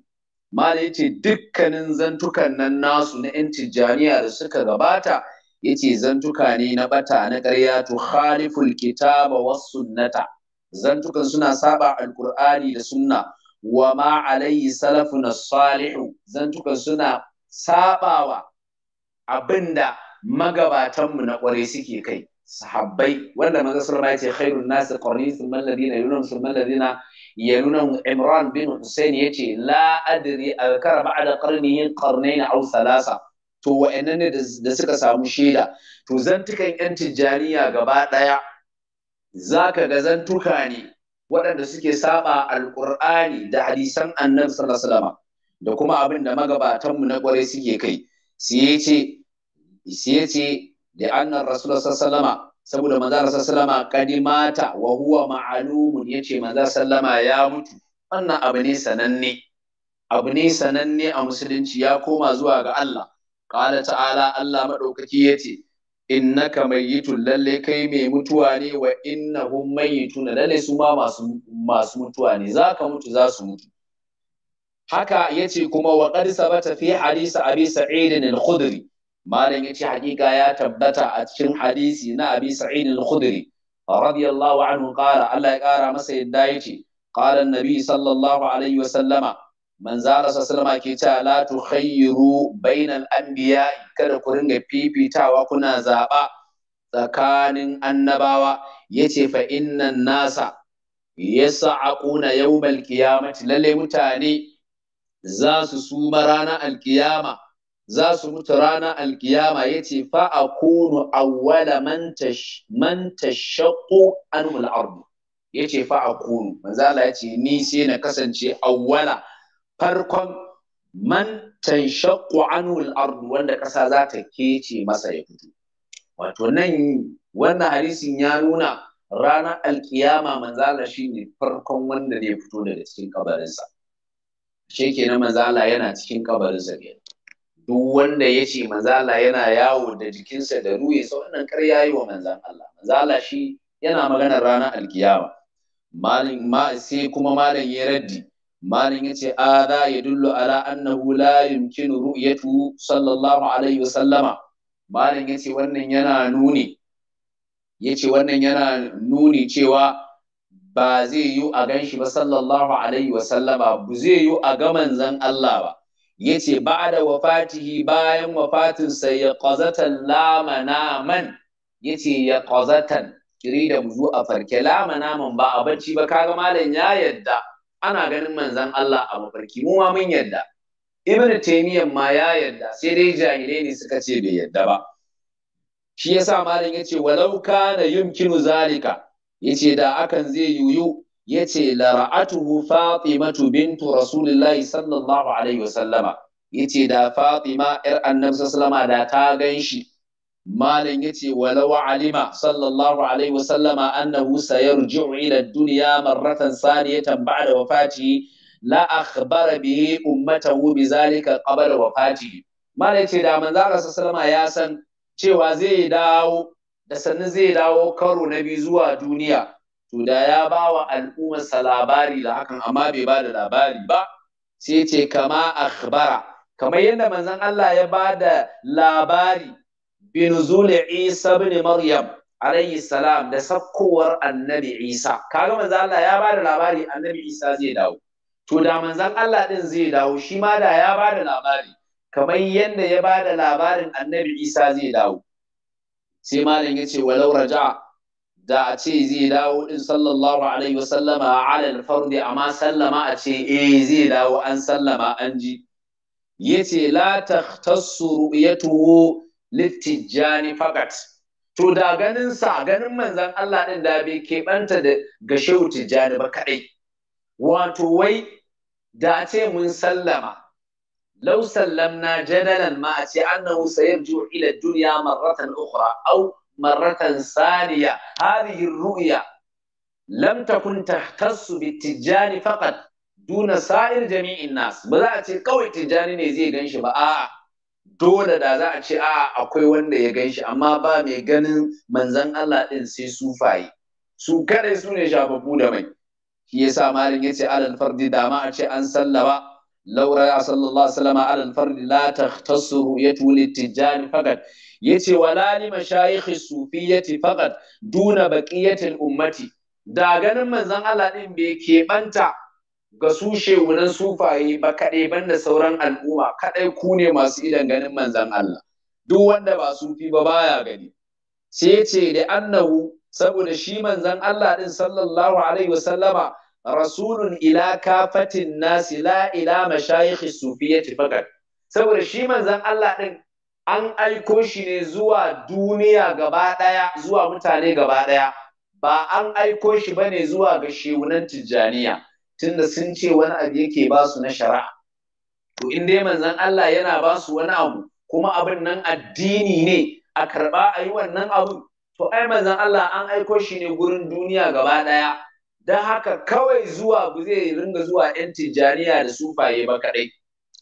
Mala ya ce dukkanin zantukan nan nasu na 'yan tijjaniya da suka gabata ya ce zantuka ne na bata na ƙarya tu khaliful kitaba was sunnata zantukan suna saba alkur'ani da sunna wa ma alayhi salafun salihu zantukan suna sabawa abinda magabatanmu na ƙware suke kai sahabbai wanda maza sallallahu ya ce khairun qarni thumma yunus thumma يلون عمران بن حسين يتي لا أدري da بعد قرنه قرنين أو ثلاثة to wa'annan da suka samu shaida to zantukan yan tijjaniya gaba ɗaya za ka ga zantuka ne waɗanda suke saba alƙur'ani da hadisan annabi sallallahu alaihi da kuma abin da magabatanmu na ƙwarai suke kai siye ce da annan rasulullah sallallahu saboda manzara sallama kadimata wa huwa ma'alumun yace manzara sallama ya mutu wannan abu ne sananne abu ne sananne a musulunci ya koma zuwa ga Allah qala ta'ala Allah madaukaki yace innaka mayyitun lalle kai mai mutuwa ne wa innahum mayyitun lalle su ma masu masu mutuwa ne zaka mutu za su mutu haka yace kuma wa qad sabata fi hadisi abi sa'id al-khudri malam yace hakika ya tabbata a cikin hadisi na Abi Sa'id al-Khudri radiyallahu anhu qala Allah ya kara masa yadda yace qala an-nabi sallallahu alaihi wa sallama zara sallama ke ta la tukhayyiru al anbiya kada ku ringa fifitawa kuna zaba tsakanin annabawa yace fa inna nasa yas'aquna al qiyamati lalle mutane za su suma ranar alkiyama za su mutu ranar alkiyama ya ce fa a kunu awwala man tashaqqu an mul’arbu ya ce fa a kunu Manzala ya ce ni sai na kasance awwala farkon man tashaqqu anhum wanda ƙasa za ta kece masa ya fito wato nan wannan hadisin ya nuna ranar alkiyama Manzala shi shine farkon wanda ya fito daga cikin kabarinsa shi na na manzala yana cikin kabarinsa kenan duk wanda ya ce Manzala yana yawo da jikinsa da ruwe, sa wannan kar ya yi wa manzan Allah Manzala shi yana maganar ranar alkiyama malin ma sai kuma malin ya raddi malin yace adha yadullu ala annahu la yumkinu ru'yatu sallallahu alaihi wasallama malin ce wannan yana nuni yace wannan yana nuni cewa ba zai yi a ganshi ba sallallahu alaihi wasallama ba zai yi a ga manzan Allah ba Ya ce, yace da wafatihi bayan wafatin sai ya qazatan naman, ya ce ya ƙazatan kiri da muzu a farke la naman ba a bacci ba kaga malam ya yadda ana ganin manzon Allah a mafarki mu ma mun yadda ibnu taymiyyah ma ya yadda sai dai jahilai ne suka ce bai yadda ba shi yasa malam ya yace walau kana yumkinu zalika yace da akan zai yuyu yace lara'atuhu fatimatu bintu rasulillahi sallallahu alaihi wasallama yace da fatima yar annabi sallama da ta ganshi malam yace walau alima sallallahu alaihi wasallama annahu sayarji'u ila ad-dunya marratan saniyatan ba'da wafati la akhbara bihi ummatahu bizalika qabla wafati malam yace da manzo sallama ya san cewa zai dawo da sannan zai dawo karo na biyu zuwa duniya Tuda da ya ba wa al'ummarsa labari da hakan amma bai ba da labari ba sai ce kama akhbara kamar yadda manzon Allah ya ba da labari bin zuli Isa bin Maryam alayhi salam da sakkowar annabi Isa kaga manzon Allah ya ba da labari annabi Isa zai dawo to da manzon Allah din zai dawo shi ma da ya ba da labari kamar yadda ya ba da labarin annabi Isa zai dawo sai malam ya ce walau raja'a da a ce zai dawo din sallallahu alaihi wa sallama alal fardi amma sallama a ce eh zai dawo an sallama an ji yace la takhtassu ru'yatuhu litijani fakat to da ganin sa ganin manzon Allah din da bai keɓanta da ga shehu tijjani ba kadai wato wai da a ce mun sallama law sallamna jadalan ma a ce annahu sayarju ila dunya marratan ukhra aw maratan saniya hadhihi ru'ya lam takun tahtassu bitijani faqat duna sa'ir jami'in nas ba za ce kawai tijani ne zai ganshi ba a'a dole da za ci a'a akwai wanda ya ganshi amma ba mai ganin manzan Allah ɗin sai sufaye su kare su ne shafafu da mai shi yasa malin yace alal fardi dama a ce an sallaba laura sallallahu alaihi wasallam alal fardi la tahtassu ru'yatu litijani faqat yace wala li mashayikh sufiyyati faqat duna baqiyatil ummati da ganin manzon Allah din bai banta ga su shehunan sufaye ba kaɗai ban da sauran al'umma kaɗai ku ne masu idan ganin manzan Allah duk wanda ba sufi ba baya gani sai da annahu saboda shi manzan Allah din sallallahu alaihi wasallama rasulun ila kafatin nasi la ila mashayikh sufiyyati faqat saboda shi manzan Allah din an aiko shi ne zuwa duniya gaba ɗaya zuwa mutane gaba ɗaya ba an aiko shi ba ne zuwa ga shewunan tijjaniya tunda sun ce wani abu yake ba su na shara'a. to in dai manzon Allah yana ba su wani abu kuma abin nan addini ne a karɓa a yi wannan abu? to ai manzon Allah an aiko shi ne gurin duniya gaba ɗaya don haka kawai zuwa ba zai ringa zuwa 'yan tijjaniya da sufaye ba kaɗai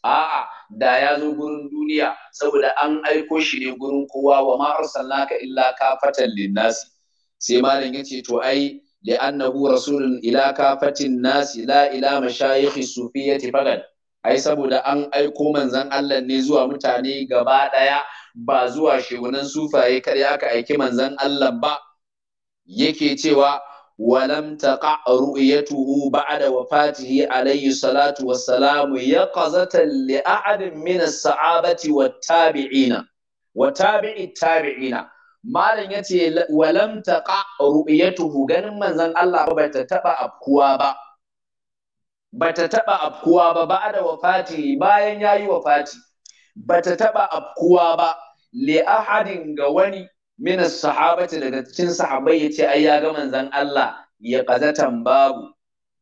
a'a da ya zo gurin duniya saboda an aiko shi ne gurin kowa wa ma arsalnaka illa kafatan linnasi sai malam ce to ai li'annahu rasulun ila kafatin nasi la ila mashayikhi sufiyati faqad ai saboda an aiko manzon Allah ne zuwa mutane gaba daya ba zuwa shegunan sufaye kare aka aiki manzon Allah ba yake cewa ولم تقع رؤيته بعد وفاته عليه الصلاة والسلام يقظة لأحد من الصحابة والتابعين وتابع التابعين malam ya ce walam taqa ru'yatuhu ganin manzon Allah ba bata taba afkuwa ba ba da wafati bayan yayi wafati bata taɓa afkuwa ba li ahadin ga wani Mina sahabati daga cikin sahabbai yace ai ya ga manzon Allah ya qazatan babu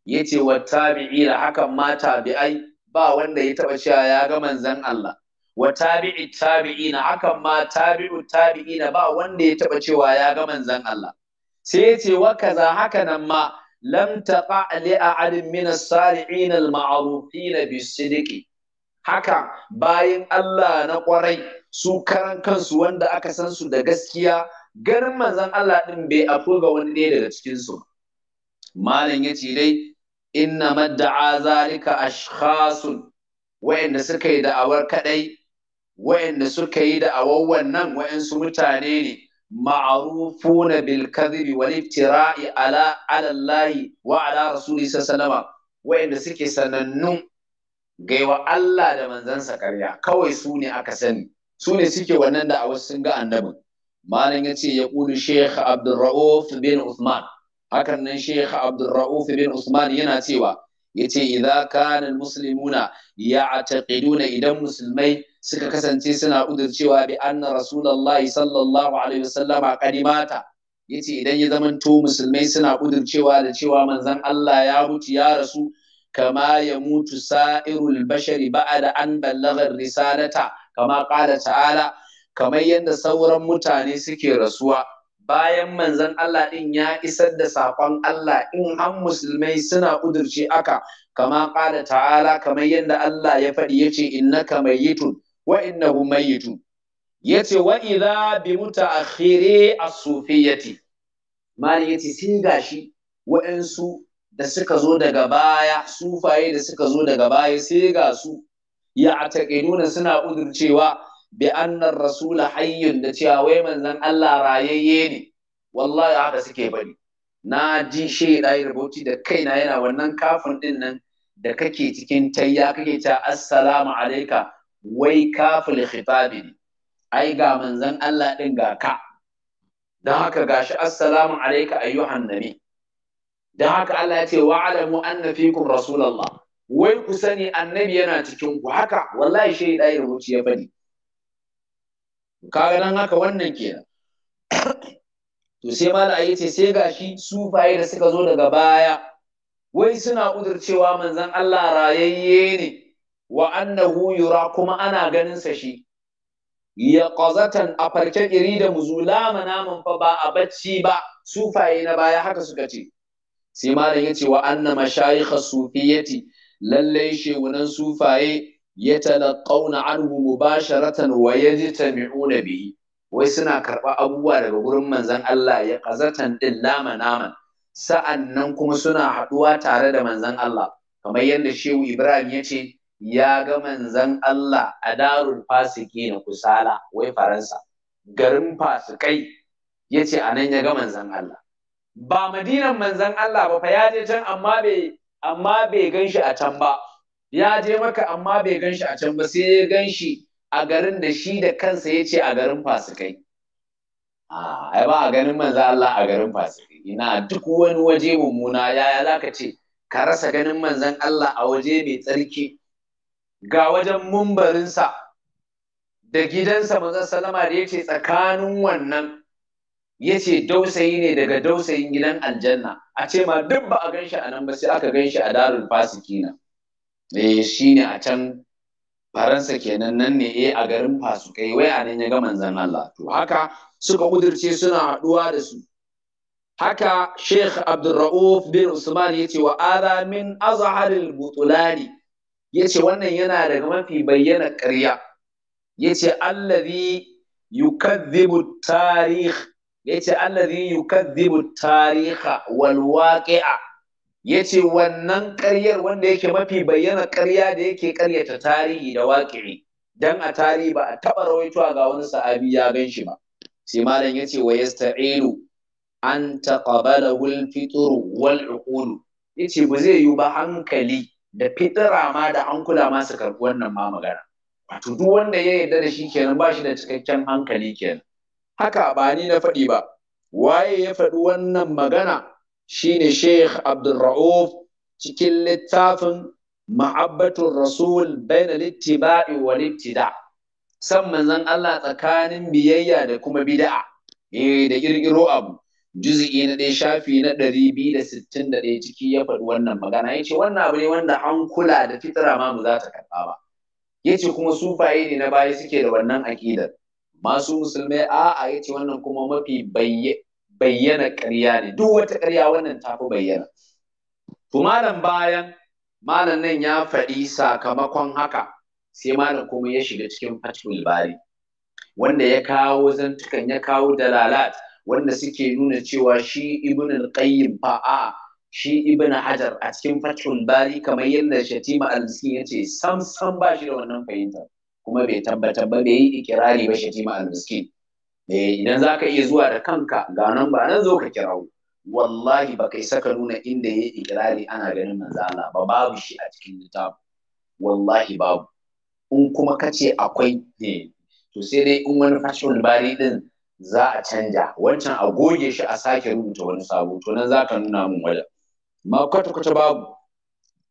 yace wa tabi'ina hakan ma tabi'ai ba wanda ya taba cewa ya ga manzon Allah wa tabi'i tabi'ina hakan ma tabi'u tabi'ina ba wanda ya taba cewa ya ga manzon Allah sai yace wa kaza haka nan ma lam taqa li a'adin min as-salihin al-ma'rufin bis-sidqi haka bayin Allah na kwarai su karan kansu wanda aka san su da gaskiya garin manzan Allah din bai afo ga wani ɗaya daga cikinsu. su malam ya ce dai inna madda'a zalika ashkhasun wa'anda suka yi da'awar kadai wa'anda suka yi da'awar wannan wa'ansu mutane ne ma'arufu na kadhibi wal iftira'i ala ala wa ala rasuli suke sanannu gaiwa Allah da manzansa karya kawai su ne aka sani su ne suke wannan da a wasu sun ga annabin malam ya ce ya ƙulu sheikh abdurra'uf bin usman hakan nan sheikh abdurra'uf bin usman yana cewa ya ce idza ya almuslimuna ya'taqiduna idan musulmai suka kasance suna cewa bi anna rasulullahi sallallahu alaihi wasallama qadimata yace idan ya zamanto musulmai suna kudurcewa da cewa manzon Allah ya mutu ya rasu kama ya mutu sa'irul bashari ba'da an ballagha risalata kama ƙada ta'ala kamar yadda sauran mutane suke rasuwa bayan manzon Allah ɗin ya isar da sakon Allah in an musulmai suna udurci aka kama ƙada ta'ala kamar yadda Allah ya faɗi yace innaka mayyitun wa innahu mayyitun yace wa idza bi mutaakhiri as-sufiyati mali yace sun gashi waɗansu da suka zo daga baya sufaye da suka zo daga baya sai ga su ya nuna suna udurcewa bi annar rasula hayyun da cewa wai manzon Allah rayayye ne wallahi haka suke bari na ji shaida rubuci da kaina yana wannan kafin din nan da kake cikin tayya kake ta assalamu alaika wai kafin khitabi ne ai ga manzan Allah din ga ka don haka gashi assalamu alaika ayyuhan nabi don haka Allah ya ce wa'alamu anna fikum rasulullah wai ku sani annabi yana cikin ku haka wallahi shi da irin wuce ya bari kaga nan haka wannan kenan to sai mala ayi ce sai gashi sufaye da suka zo daga baya wai suna udurcewa manzon Allah rayayye ne wa annahu yura kuma ana ganin sa shi ya qazatan a farke iri da muzulama naman fa ba a bacci ba sufaye na baya haka suka ce sai malam ce wa anna mashayikh sufiyati lallai shegunan sufaye ya talaqauna anhu mubasharatan wa yajtami'una bihi wai suna karɓa abubuwa daga gurin manzan Allah ya qazatan din nama naman nan kuma suna haɗuwa tare da manzan Allah kamar yadda Shehu Ibrahim ya ce ya ga manzon Allah a darul fasiki na kusala wai Faransa garin fasikai ya ce a nan ya ga manzon Allah ba madinan manzan Allah ba fa ya je can amma bai amma bai gan shi a can ba ya je maka amma bai gan shi a can ba sai ya gan shi a garin da shi da kansa ya ce a garin fasikai ah, ai ba a ganin manzo Allah a garin fasikai ina duk wani waje mummuna yaya zaka ce ka rasa ganin manzon Allah a waje mai tsarki ga wajen mumbarinsa da gidansa manzon sallama da yace tsakanin wannan ya ce dausayi ne daga dausayin gidan aljanna a ce ma duk ba a ganshi a nan ba sai aka ganshi a darul fasikina eh ne a can faransa kenan nan ne eh a garin fasukai wai a nan ya ga manzon Allah to haka suka kudirce suna haduwa da su haka Sheikh Abdulrauf bin Usman yace wa adha min azharil butulani yace wannan yana daga mafi bayyana ƙarya yace allazi yukadhibu tarikh yace allazi yukazzibu tariha wal waqi'a yace wannan ƙaryar wanda yake mafi bayyana ƙarya da yake ƙaryata tarihi da waƙi'i dan a tarihi ba a taɓa rawaito ga wani sahabi ya gan shi ba sai malam yace wa yasta'ilu an taqabalahu al-fitr wal uqul yace ba zai yi ba hankali da fitira ma da an kula ma su karɓi wannan ma magana wato duk wanda ya yarda da shi kenan ba shi da cikakken hankali kenan haka ba ni na faɗi ba waye ya faɗi wannan magana shine Sheikh Abdulra'uf cikin littafin ma'abbatun Rasul bainal wa wal da. san manzon Allah tsakanin biyayya da kuma bida'a. eh da kirkiro abu juz'i na ɗaya shafi na ɗari biyu da sittin da ɗaya ciki ya faɗi wannan magana ya ce wannan abu ne wanda an kula da fitra ma mu za ta karɓa ba ya ce kuma sufaye ne na baya suke da wannan aƙidar masu musulmai a ya ce wannan kuma mafi bayyana karya ne duk wata karya wannan ta fi bayyana to malam bayan malam nan ya faɗi sakamakon haka sai malam kuma ya shiga cikin fatul bari wanda ya kawo zantukan ya kawo dalalat wanda suke nuna cewa shi ibn al-qayyim fa a shi ibn hajar a cikin fatul bari kamar yadda shatima al ya yace sam sam ba da wannan fahimtar. kuma bai tabbatar ba bai yi ikirari ba shatima al-miskin eh idan zaka iya zuwa da kanka ga nan ba nan zo ka kirawo wallahi ba kai saka nuna inda ya yi ikirari ana ganin manzo Allah ba babu shi a cikin littafin wallahi babu in kuma kace akwai ne eh, to sai dai in wani fashion bari din za a canja wancan a goge shi a sake rubuta wani sabo to nan zaka nuna min wajen ma kwata kwata babu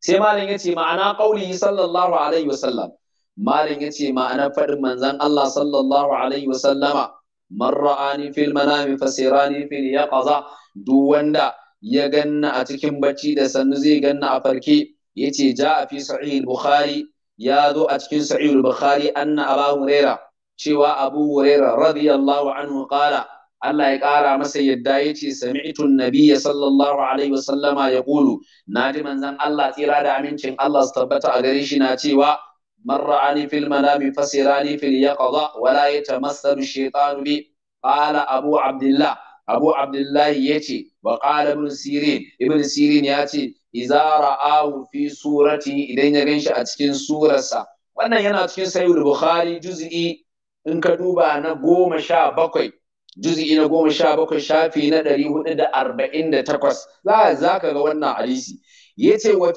sai malam yace ma'ana qauli sallallahu alaihi wasallam malam yace ma'anar faɗin manzon Allah sallallahu alaihi wasallama man ra'ani fil manami fasirani fil yaqaza duk wanda ya ganna a cikin bacci da sannu zai ganna a farke yace ja fi sahih bukhari ya zo a cikin sahih bukhari anna abu huraira cewa abu huraira radiyallahu anhu qala Allah ya ƙara masa yadda ya ce sami'tu nabiyya sallallahu alaihi wasallama ya ƙulu na ji manzon Allah tsira da amincin Allah su tabbata a gare shi na cewa من رآني في المنام فسراني في اليقظة ولا يتمثل الشيطان بي قال أبو عبد الله أبو عبد الله يتي وقال ابن سيرين ابن سيرين يأتي إذا رآه في صورته إذن يغنش أتكين صورة سا wannan yana cikin sayi bukhari juz'i in ka duba na goma sha bakwai juz'i na goma sha bakwai shafi na ɗari hudu da arba'in da takwas za ka ga wannan hadisi ya ce wa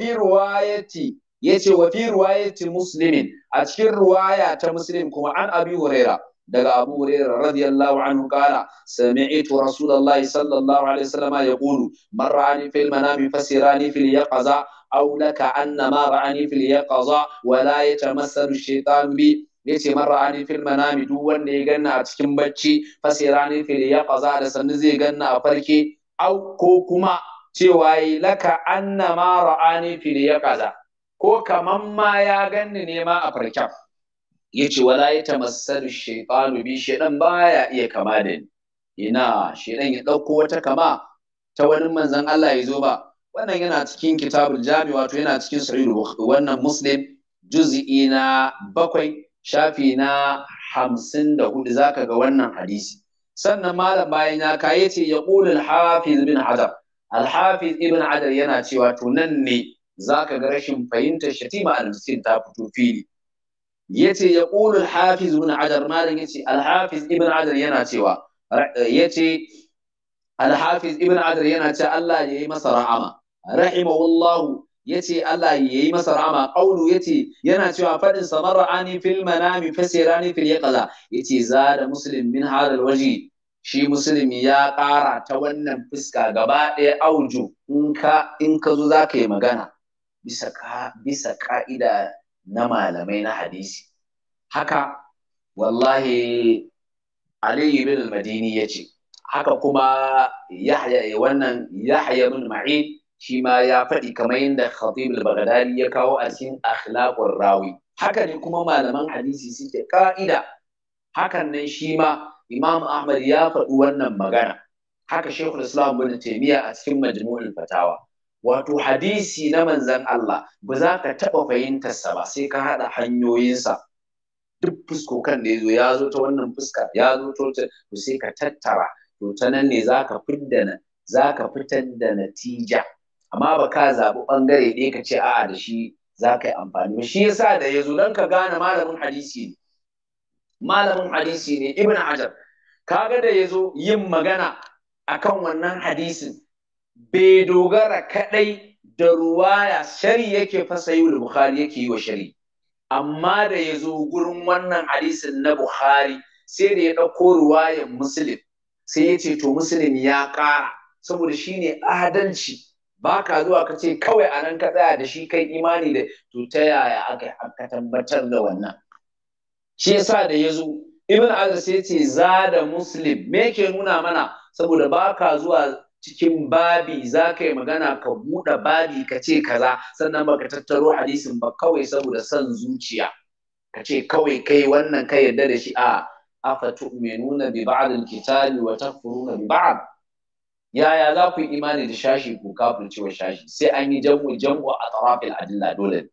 yace wa fi riwayati muslimin a cikin riwaya ta muslim kuma an abi huraira daga abu huraira radiyallahu anhu kala sami'tu rasulullahi sallallahu alaihi wasallam yaqulu man ra'ani fil manami fasirani fil yaqaza aw laka anna ma ra'ani fil yaqaza wa la yatamassalu shaytan bi yace man ra'ani fil manami duk wanda ya ganna a cikin bacci fasirani fil yaqaza da sannu zai ganna a farke au ko kuma cewa laka anna ma ra'ani fil yaqaza ko kaman ma ya ganni ne ma a farken ce wala ya tamassalu shaytanu bi shaydan baya iya kama da ni ina shaydan ya ɗauko wata kama ta wani manzan Allah ya zo ba wannan yana cikin kitabul jami wato yana cikin sahih wannan muslim juz'i na bakwai shafi na hamsin da hudu zaka ga wannan hadisi sannan malam bayan ya kayace ce ya ƙulul hafiz bin hajar al-hafiz ibn yana cewa to ne za ka ga rashin fahimtar shatima al ta fito fili yace ya qulul hafiz ibn adar malam yace al hafiz ibn adar yana cewa yace al hafiz ibn adar yana cewa Allah ya yi masa rahama rahimahullahu yace Allah ya yi masa rahama qawlu yace yana cewa fadin samara ani fil manami fasirani fil yaqza yace zada muslim min hadal waji shi musulmi ya ƙara ta wannan fuska gaba ɗaya auju in ka in ka zo za ka yi magana bisa bisa ka'ida na malamai na hadisi haka wallahi Aliyu bin Madini ya ce haka kuma Yahya eh, wannan Yahya bin Ma'in shi ma ya faɗi kamar yadda Khatib al-Baghdadi ya kawo a cikin akhlaqur rawi haka ne kuma malaman hadisi suke ka'ida hakan nan shi ma Imam Ahmad ya faɗi wannan magana haka Sheikhul Islam bin taimiyya a cikin Majmu'ul Fatawa wato hadisi na manzan Allah ba za ka taɓa fahimtarsa ba sai ka haɗa hanyoyinsa duk fuskokan da ya zo ya zo ta wannan fuska ya zo ta wata to sai ka tattara to ta nan ne za ka za fitar da natija amma ba ka zaɓi ɓangare ɗaya ka ce a'a da shi za ka yi amfani ba shi yasa da ya zo don ka gane malamin hadisi ne malamin hadisi ne ibn hajar Ka ga da ya zo yin magana akan wannan hadisin bai dogara kaɗai da ruwaya shari yake fasa yi bukhari yake yi wa shari amma da ya zo gurin wannan hadisin na bukhari sai da ya ɗauko ruwayan muslim sai ya ce to muslim ya ƙara saboda shi ne adalci ba ka zuwa ka ce kawai a nan ka tsaya da shi kai imani da to ta yaya aka aka tabbatar da wannan shi yasa da ya zo ibn azar sai ce za da muslim me ke nuna mana saboda ba ka zuwa cikin babi za ka yi magana ka buɗe babi ka ce kaza sannan baka tattaro hadisin ba kawai saboda son zuciya ka ce kawai kai wannan ka yarda da shi a afa tu'minuna bi ba'dil kitabi wa takfuruna bi ba'd yaya za ku yi imani da shashi ku kafin cewa shashi sai an yi jam'u jam'u a tarafil adilla dole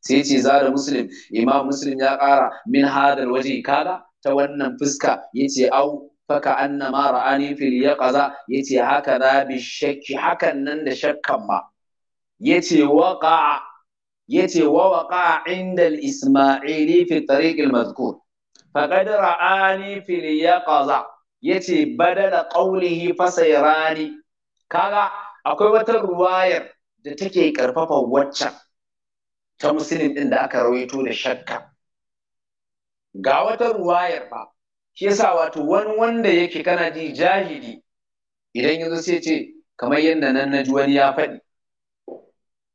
sai ce zara muslim imam muslim ya ƙara min hadal waje kaga ta wannan fuska yace au faka anna ma ra'ani fil yaqaza yace haka hakan nan da shakkan ma yace waqa yace wa waqa inda isma'ili fi tariq mazkur faqad ra'ani fil yaqaza yace badala fasai rani. kaga akwai wata ruwayar da take karfafa waccan ta musulun ɗin da aka rawaito da shakka ga wata ruwayar ba shi yasa wato wani wanda yake kana ji jahili idan yanzu sai ce kamar yadda nan na ji wani ya faɗi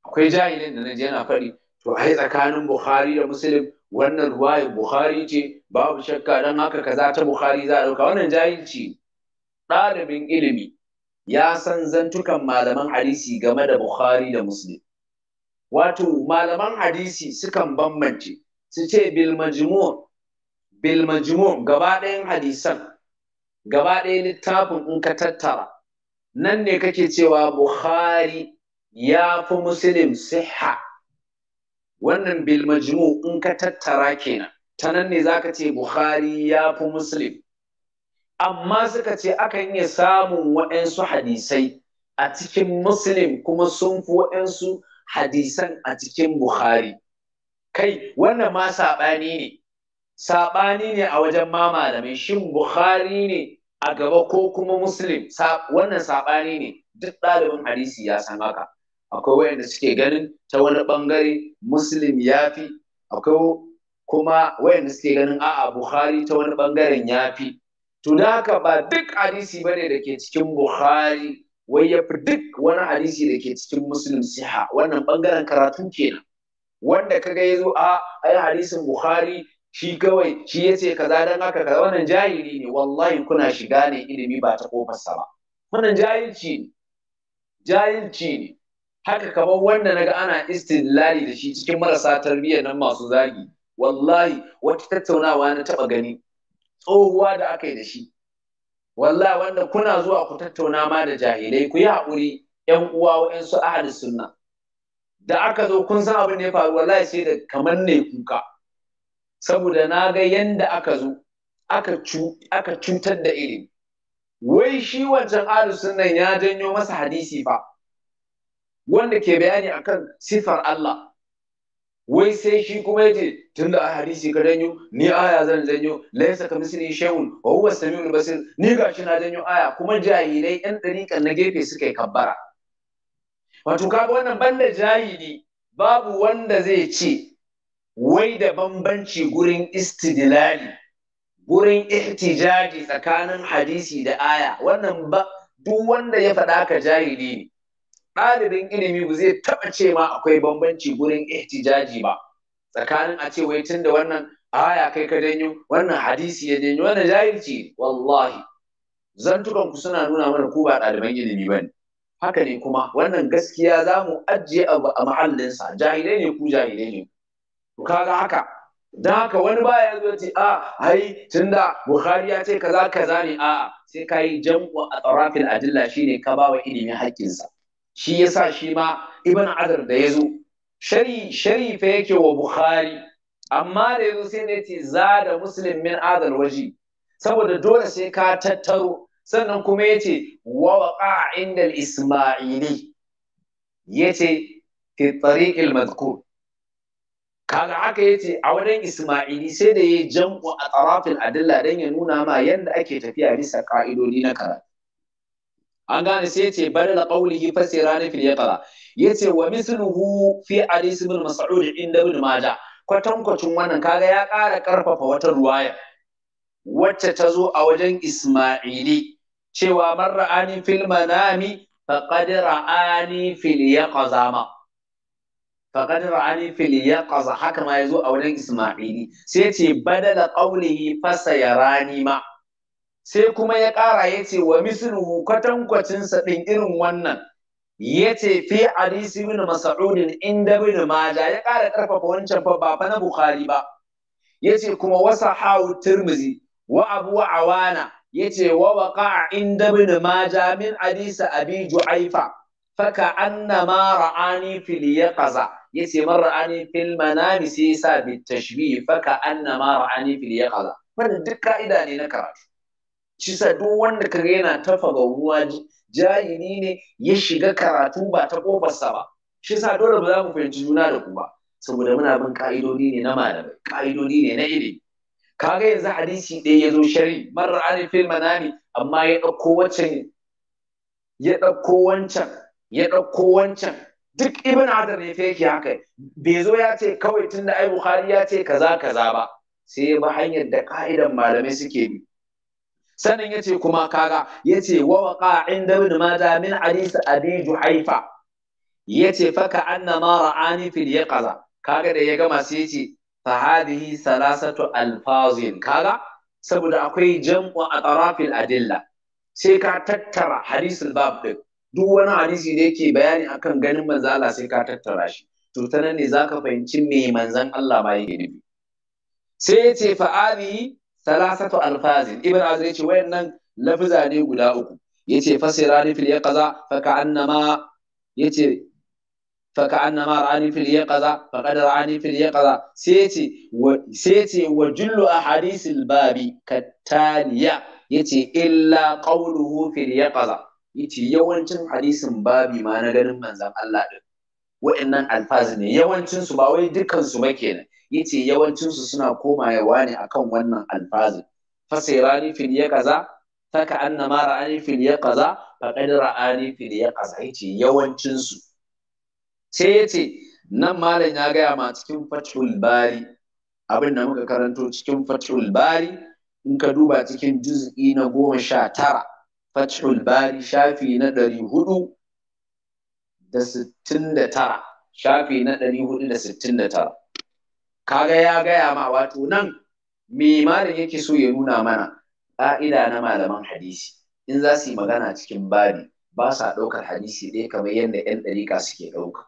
akwai jahilin da na ji yana faɗi to ai tsakanin bukhari da muslim wannan ruwayar bukhari ce babu shakka don haka kaza ta bukhari za a ɗauka wannan jahilci ɗalibin ilimi ya san zantukan malaman hadisi game da bukhari da muslim wato malaman hadisi sukan bambance su ce bil bil majmu' gaba ɗayan hadisan gaba ɗaya littafin in ka tattara nan ne kake cewa Bukhari ya fi Muslim siha wannan bil majmu' in ka tattara kenan ta nan ne za ka ce Bukhari ya fi Muslim amma suka ce akan iya samun waɗansu hadisai a cikin Muslim kuma sun fi waɗansu hadisan a cikin Bukhari kai wannan ma saɓani ne saɓani ne a wajen ma malamai shin bukhari ne a gaba ko kuma muslim wannan saɓani ne duk ɗalibin hadisi ya san haka akwai wayanda suke ganin ta wani ɓangare muslim ya fi akwai kuma wayanda suke ganin a'a bukhari ta wani ɓangaren ya fi to haka ba duk hadisi bane da ke cikin bukhari wai ya fi duk wani hadisi da ke cikin muslim siha wannan ɓangaren karatu kenan wanda kaga ya zo a ai hadisin bukhari shi kawai shi ya ce kaza dan haka kaza wannan jahili ne wallahi kuna shiga ne ilimi ba ta kofarsa ba wannan jahilci ne jahilci ne haka kamar wanda na ga ana istidlali da shi cikin marasa tarbiyyar nan masu zagi wallahi wata tattaunawa na taba gani tsohuwa da aka yi da shi wallahi wanda kuna zuwa ku tattauna ma da jahilai ku yi haƙuri ƴan uwa wa'yansu ahalin sunna da aka zo kun san abin da ya faru wallahi sai da kamar ne kuka saboda na ga yadda aka zo aka cutar da ilimi wai shi wancan alusun nan ya janyo masa hadisi ba wanda ke bayani akan sifar Allah wai sai shi kuma yace tunda da hadisi ka janyo ni aya zan janyo laysa ka misli shay'un wa huwa samiul basir ni gashi na janyo aya kuma jahilai yan dariƙan na gefe suka yi kabbara wato kaga wannan banda jahili babu wanda zai ce wai da bambanci gurin istidilali, gurin ihtijaji tsakanin hadisi da aya wannan ba duk wanda ya faɗa ka jahili ne ɗalibin ilimi ba zai taɓa ce ma akwai bambanci gurin ihtijaji ba tsakanin a ce wai tun da wannan aya kai ka janyo wannan hadisi ya janyo wannan jahilci wallahi zantukan ku suna nuna mana ku ba ɗaliban ilimi ba ne haka ne kuma wannan gaskiya za mu ajiye abu a mahallinsa jahilai ne ku jahilai ne ku! to kaga haka dan haka wani baya zo ce a ah, ai tunda bukhari ya ce kaza kaza ne a sai kayi jam'u a tsarafin adilla shine ka bawa ilimin haƙƙinsa shi yasa shi ma ibn adar da ya zo shari shari fa yake wa bukhari amma da yazo sai ne ce da muslim min azar waji saboda dole sai ka tattaro sannan kuma yace wa waqa inda isma'ili yace fi tariqil madhkur kaga haka yace a wajen Isma'ili sai da ya jam'u a tsarafin adilla dan ya nuna ma yadda ake tafiya bisa ƙa'idodi na karatu an gane sai yace badal qawlihi fasirani fil yaqra yace wa misluhu fi hadis ibn mas'ud inda ibn maja kwatankwacin wannan kaga ya ƙara ƙarfafa wata ruwaya wacce ta zo a wajen Isma'ili cewa man ra'ani fil manami faqad ra'ani fil yaqzama faqad ra'ani fil yaqaza haka ma yazo a wurin Isma'ili sai ce badala ya ra'ni ma sai kuma ya ƙara ya ce wa misluhu kwatankwacin sa din irin wannan ya ce fi hadisi ibn mas'ud inda ibn majah ya ƙara ƙarfafa wancan fa ba fa na bukhari ba ya ce kuma wasa hawu tirmizi wa abu awana ya ce wa waqa'a inda ibn majah min hadisi abi ju'aifa faka annama ra'ani fil ya ce man ra'ani fil mi sai sa bi tashbi faka annama ra'ani fil kaza wannan duk ka'ida ne na karatu shi sa duk wanda ka ga yana tafaga ruwa jahili ne ya shiga karatu ba ta kofarsa ba shi sa dole ba za mu fahimci juna da ku ba saboda muna bin ka'idodi ne na malamai ka'idodi ne na ilimi kaga yanzu hadisi ɗaya ya zo shari mara ra'ani fil manami amma ya ɗauko wancan ya ɗauko wancan ya ɗauko wancan duk ibn adar ne feki haka bai zo ya ce kawai tunda ai bukhari ya ce kaza kaza ba sai ya bi hanyar da ka'idan malamai suke bi sanin ya ce kuma kaga ya ce wa waka inda ibn mata min hadisi abi juhaifa ya ce faka anna ma ra'ani fil yaqaza kaga da ya gama sai ya ce fa hadhihi salasatu alfazin kaga saboda akwai jam'u a tarafil adilla sai ka tattara hadisul bab din duk wani hadisi da yake bayani akan ganin manzo Allah sai ka tattara shi to ta nan ne zaka fahimci me manzon Allah ma yake nufi sai ya ce fa'adi salasatu alfazin ibn azri ce wayannan lafiza ne guda uku ya ce fasira ni fil yaqaza fa ka'annama ya ce fa ka'annama ra'ani fil yaqaza fa qad ra'ani fil yaqaza sai ya ce sai ya ce wa jullu ahadisil babi kattaniya ya ce illa qawluhu fil yaqaza yace yawancin hadisin babi ma na ganin manzan Allah din wa'annan alfazi ne yawancin su ba wai dukkan su ba kenan yace yawancin su suna komawa ne akan wannan alfazin fasirani fil ya kaza taka annama ra'ani fil ya fa ra'ani fil ya yace yawancin su sai yace nan malam ya gaya ma cikin fathul bari abin da muka karanto cikin fathul bari in ka duba cikin juz'i na goma sha tara fathul bari shafi na ɗari hudu da sittin da tara shafi na ɗari hudu da sittin da tara kaga ya gaya ma wato nan me malam yake so ya nuna mana ƙa'ida na malaman hadisi in za su yi magana cikin bari ba sa ɗaukar hadisi ɗaya kamar yadda 'yan ɗarika suke ɗauka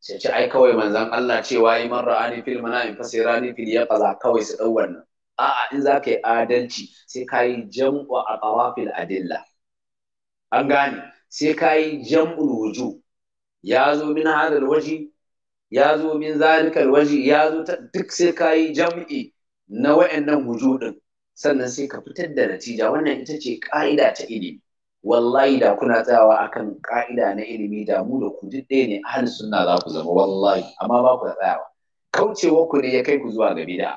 sai ce ai kawai manzan Allah cewa yi man ra'ani fil manami fasirani fil yaqaza kawai su ɗau wannan a'a in za ka yi adalci sai ka yi jam'u a tawafil adilla an gane sai ka yi jam'ul wuju ya zo min hadal waji ya zo min zalikal waji ya zo duk sai ka yi jam'i na wa'annan wujudin sannan sai ka fitar da natija wannan ita ce ƙa'ida ta ilimi wallahi da kuna tsayawa akan ka'ida na ilimi da mu da ku duk ɗaya ne ahli sunna za ku zama wallahi amma ba ku da tsayawa kaucewa ku ne ya kai ku zuwa ga bid'a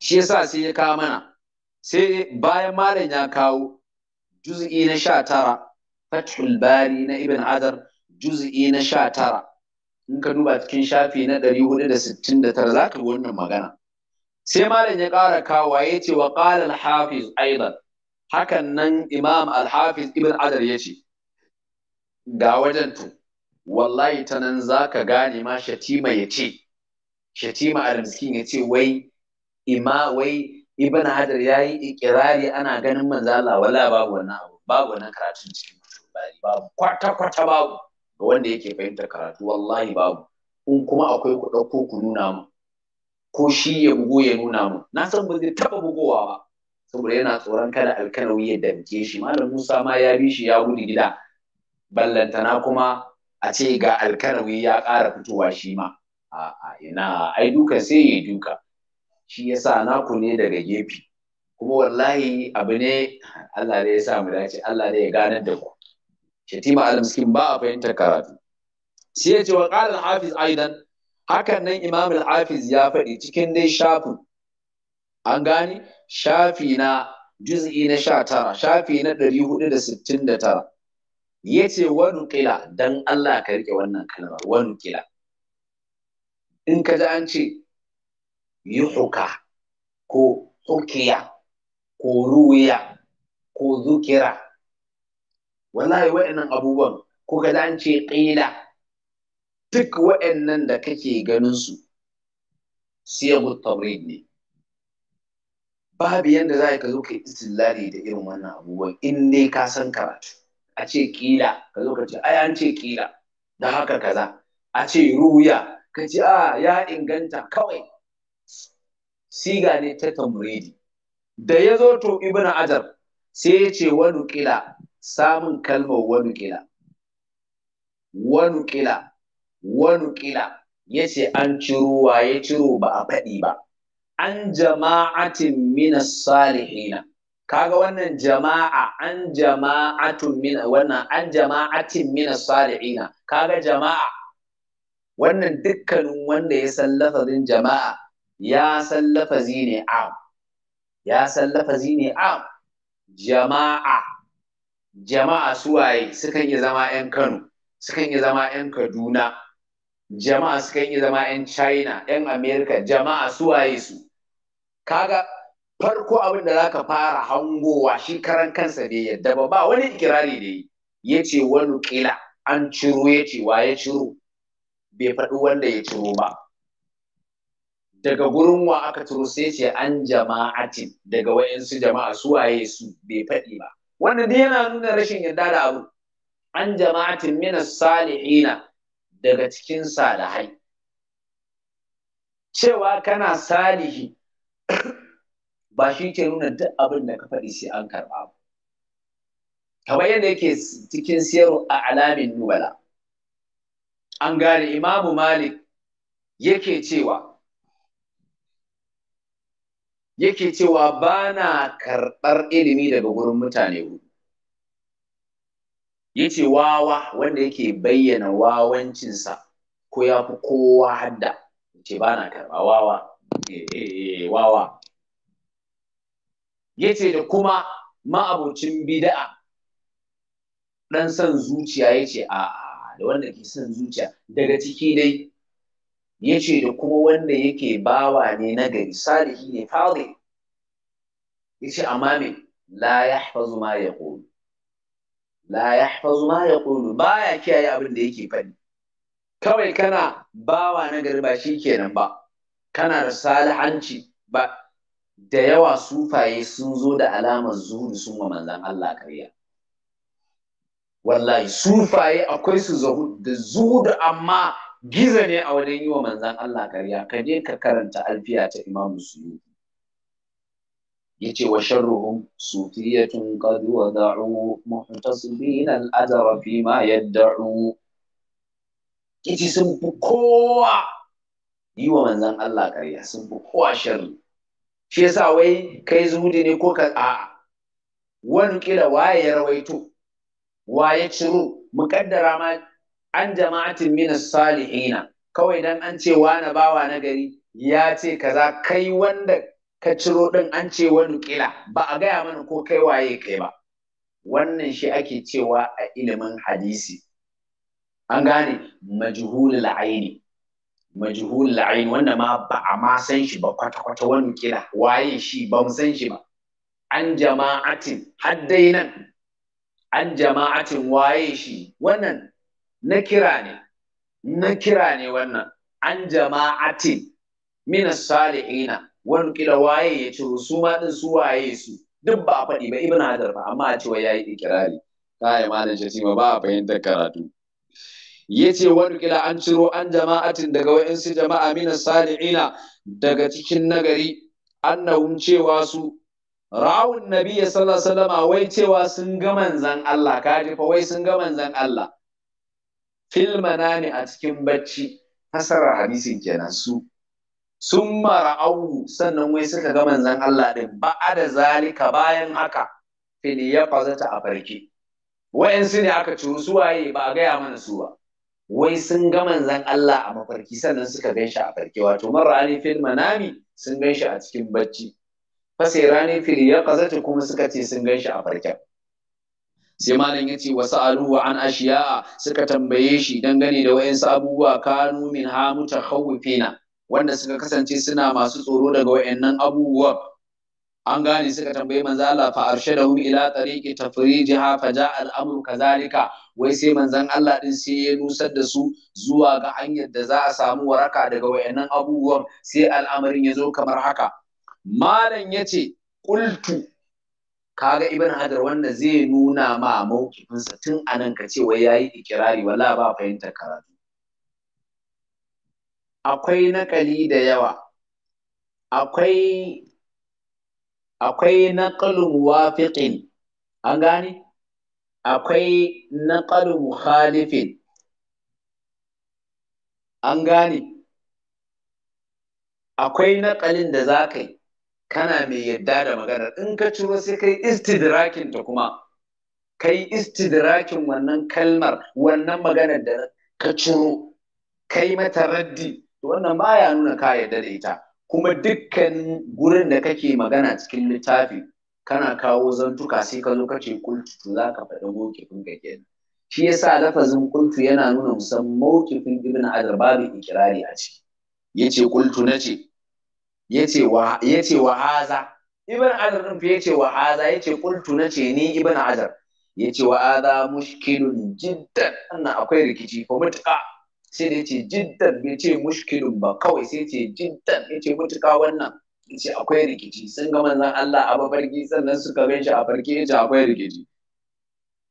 shi yasa sai ya kawo mana sai bayan malam ya kawo juz'i na sha tara fathul bari na ibn adar juz'i na sha tara in ka duba cikin shafi na ɗari hudu da sittin da tara za ka wannan magana sai malam ya ƙara kawo ya ce wa ƙala al aidan hakan nan imam al-hafiz ibn adar ya ce ga wajen to wallahi ta nan za ka gane ma shatima ya ce shatima al-miskin ya ce wai ima wai ibn hajar yi ikirari ana ganin manzo Allah wala babu wannan abu babu wannan karatun cikin bari babu kwata kwata babu ga wanda yake fahimtar karatu wallahi babu in kuma akwai ku dauko ku nuna mu ko shi ya bugo ya nuna mu na san ba zai taba bugowa ba saboda yana tsoron kada alkanawi ya damke shi malam Musa ma ya bi shi ya gudu gida ballantana kuma a ce ga alkanawi ya ƙara fitowa shi ma a'a ina ai duka sai ya duka shi ya yasa naku ne daga gefe kuma wallahi abu ne Allah ne ya sa mu dace Allah ne ya ganar da ku shatima al-miskin ba a fahimtar karatu sai ya ce wa qala al-hafiz aidan hakan nan imam al-hafiz ya faɗi cikin dai shafin an gane shafi na juz'i na 19 shafi na 469 yace wa nuqila dan Allah ka rike wannan kalma wa nuqila in ka ji an ce Yi yuhuka ko hukiya ko ruwiya ko zukira wallahi wa'annan abubuwan ko ga an ce ƙila duk wa'annan da kake ganin su siyagut tawrid ne babu yanda za ka zo ka istillali da irin wannan abubuwan in dai ka san karatu a ce ƙila ka zo ka ce ai an ce ƙila da haka kaza a ce ruya ka ce a ah, ya inganta kawai siga ne ta tamuridi da ya zo to ibn ajar sai ya ce wani ƙila samun kalmar wani ƙila wani ƙila wani ƙila ya ce an ciro wa ya ciro ba a faɗi ba an jama'atin mina salihina kaga wannan jama'a an jama'atin mina wannan an jama'atin mina salihina kaga jama'a wannan dukkanin wanda ya san lafazin jama'a ya san lafazi ne am ya san lafazi ne am jama'a jama'a suwaye sukan yi zama 'yan Kano sukan yi zama 'yan Kaduna jama'a sukan yi zama 'yan China 'yan Amerika, jama'a suwaye su kaga farko abin da zaka fara hangowa shi karan kansa bai yadda ba ba wani ikirari da yi yace wani kila an ciro yace wa ya ciro bai faɗi wanda ya ciro ba daga gurin wa aka turo sai ce an jama'atin daga wa'insu jama'a suwaye su bai faɗi ba wannan dai yana nuna rashin yarda da abu an jama'atin mina salihina daga cikin salihai cewa kana salihi ba shi ke nuna duk abin da ka faɗi sai an karɓa ba kamar yadda yake cikin siyarwa a alamin nubala an gane imamu malik yake cewa yake cewa ba na karɓar ilimi daga wurin mutane hudu yace wawa wanda yake bayyana wawancinsa ko ya fi kowa hadda yace ba na karɓa wawa eh, eh, eh, wawa yace da kuma ma'abocin bida'a ɗan son zuciya yace a da wanda ke son zuciya daga ciki dai yace da kuma wanda yake bawa ne na gari salihi ne fadil yace amma me la yahfazu ma yaqulu la yahfazu ma yaqulu baya kiyaye abin da yake faɗi kawai kana bawa na gari ba shikenan ba kana da salihanci ba da yawa sufaye sun zo da alamar zuhudu sun wa manzan Allah karya wallahi sufaye akwai su da zuhudu amma giza ne a wajen yi wa manzan Allah karya ka je ka karanta alfiya ta Imam Suyuti ce wa sharruhum sufiyatun qad wada'u muhtasibin al fi ma yad'u Kici sun fi kowa yi wa manzan Allah kariya sun fi kowa sharri shi yasa wai kai zuhudi ne ko ka a wani kila waye ya rawaito waye ciro muƙaddara ma an jama'atin min salihina kawai dan an ce wani bawa na gari ya ce kaza kai wanda ka ciro din an ce wani kila ba a gaya mana ko kai waye kai ba wannan shi ake cewa a ilimin hadisi an gane majhulul aini majhulul aini wanda ma ba a ma san shi ba kwata kwata wani kila waye shi ba mu san shi ba an jama'atin haddai nan an jama'atin waye shi wannan na kira ne na kira ne wannan an jama'atin mina salihina wani kila waye ya ciro su ma ɗin su waye su duk ba a faɗi ba ibn hajar ba amma a ce wa ya yi ikirari kai malam ma ba a fahimtar karatu Ya ce wani kila an ciro an jama'atin daga wa'insu jama'a mina salihina daga cikin nagari annahum cewa su Rawun Nabi sallallahu alaihi wai cewa sun ga manzan Allah ka fa wai sun ga manzan Allah fil ne a cikin bacci hasara hadisin kenan su sun mara mara'au sannan wai suka ga manzan Allah din a da zalika bayan haka fil ta a farke wayansu ne aka ciro su waye ba a gaya mana su ba wai sun ga manzan Allah a mafarki sannan suka gan shi a farki wato mar'ani fil manami sun gan shi a cikin bacci fasirani fil ta kuma suka ce sun gan shi a farken sai malam ya ce wasu aluwa an ashiya suka tambaye shi gani da wayansu abubuwa kanu min ha mutakhawwifina wanda suka kasance suna masu tsoro daga wayannan abubuwan an gane suka tambayi manzo Allah fa arshadahu ila tariqi tafrijiha fa jaa al-amru kadhalika wai sai manzan Allah din sai ya nusar da su zuwa ga hanyar da za a samu waraka daga wayannan abubuwan sai al'amarin ya zo kamar haka malam yace qultu kaga ibn hajar wanda zai nuna ma maukifinsa tun a nan ka ce wai yayi ikirari wala ba fahimtar karatu akwai nakali da yawa akwai akwai wafiƙin, wafiqin an gane akwai nakalin mukhalifin an gane akwai nakalin da za ka yi kana mai yadda da maganar in ka ciro sai kai istidrakin ta kuma kai istidrakin wannan kalmar wannan maganar da ka ciro kai mata raddi wannan baya nuna ka yadda da ita kuma dukkan gurin da kake magana cikin littafi kana kawo zantuka sai ka zo kace kultu za ka faɗi mawkifin ka kenan shi yasa lafazin kultu yana nuna musamman mawkifin ibn adar babu ikirari a ciki yace kultu nace ya ce yace wa haza ibn azar ya ce wa haza yace na ce ni ibn azar yace wa haza mushkilun jiddan annan akwai rikici fa mutuka sai da ce jiddan bai ce mushkilun ba kawai sai ce jiddan yace mutuka wannan ya ce akwai rikici sun ga manzan Allah a mafarki sannan suka gan shi a ya yace akwai rikici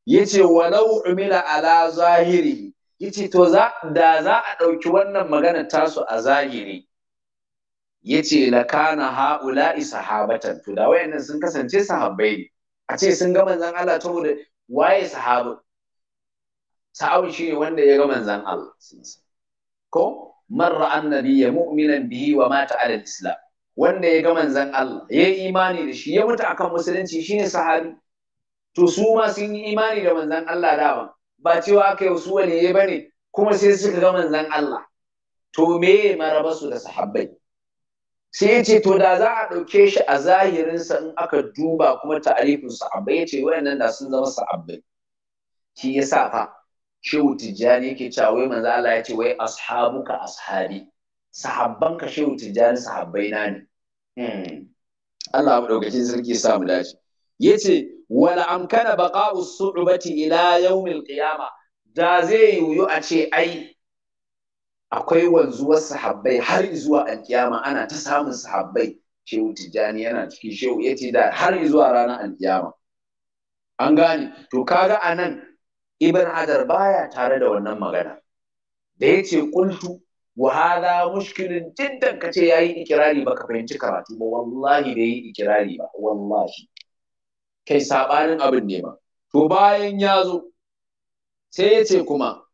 yace walau umila ala zahiri ce to da za a ɗauki wannan magana tasu a zahiri yace la kana haula'i sahabatan to da wayannan sun kasance sahabbai ne a ce sun ga manzan Allah saboda waye sahabu shi ne wanda ya ga manzan Allah ko marra annabiyya mu'minan bihi wa mata ala islam wanda ya ga manzan Allah ya yi imani da shi ya mutu akan musulunci shine sahabi to su ma sun yi imani da manzan Allah dama ba cewa aka yi su ya bane kuma sai suka ga manzan Allah to me marabasu da sahabbai sai ya ce to da za a ɗauke shi a zahirinsa in aka duba kuma ta'arifin sahabbai ya ce wayannan da sun zama sahabbai shi ya sa fa shehu tijjani yake cewa wai manzo Allah ya ce wai ashabuka ashabi ka shehu tijjani sahabbai na ne hmm. Allah madaukakin sarki sa mu dace yace wala amkana baqa'u su'bati ila yawmil qiyama da zai yiwu a ce ai akwai wanzuwar sahabbai har zuwa alkiyama ana ta samun sahabbai shehu tijjani yana cikin shehu ya ce da har zuwa ranar alkiyama an gane to kaga a nan ibn adar baya tare da wannan magana da ya ce kultu wahala mushkilin jiddan ka ce yayi ikirari baka fahimci karatu ba wallahi bai yi ikirari ba wallahi kai sabanin abin ne ba to bayan ya zo sai ya ce kuma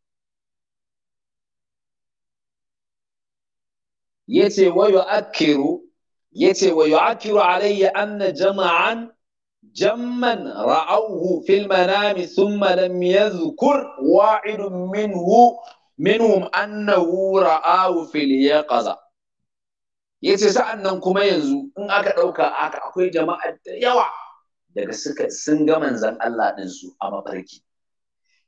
yace wa yu'akkiru yace wa yu'akkiru alayya anna jama'an jamman ra'awhu fil manami thumma lam yadhkur wa'idun minhu minhum annahu ra'ahu fil yaqaza yace sa'an nan kuma yanzu in aka dauka aka akwai jama'a da yawa daga suka sun ga manzon Allah din su a mafarki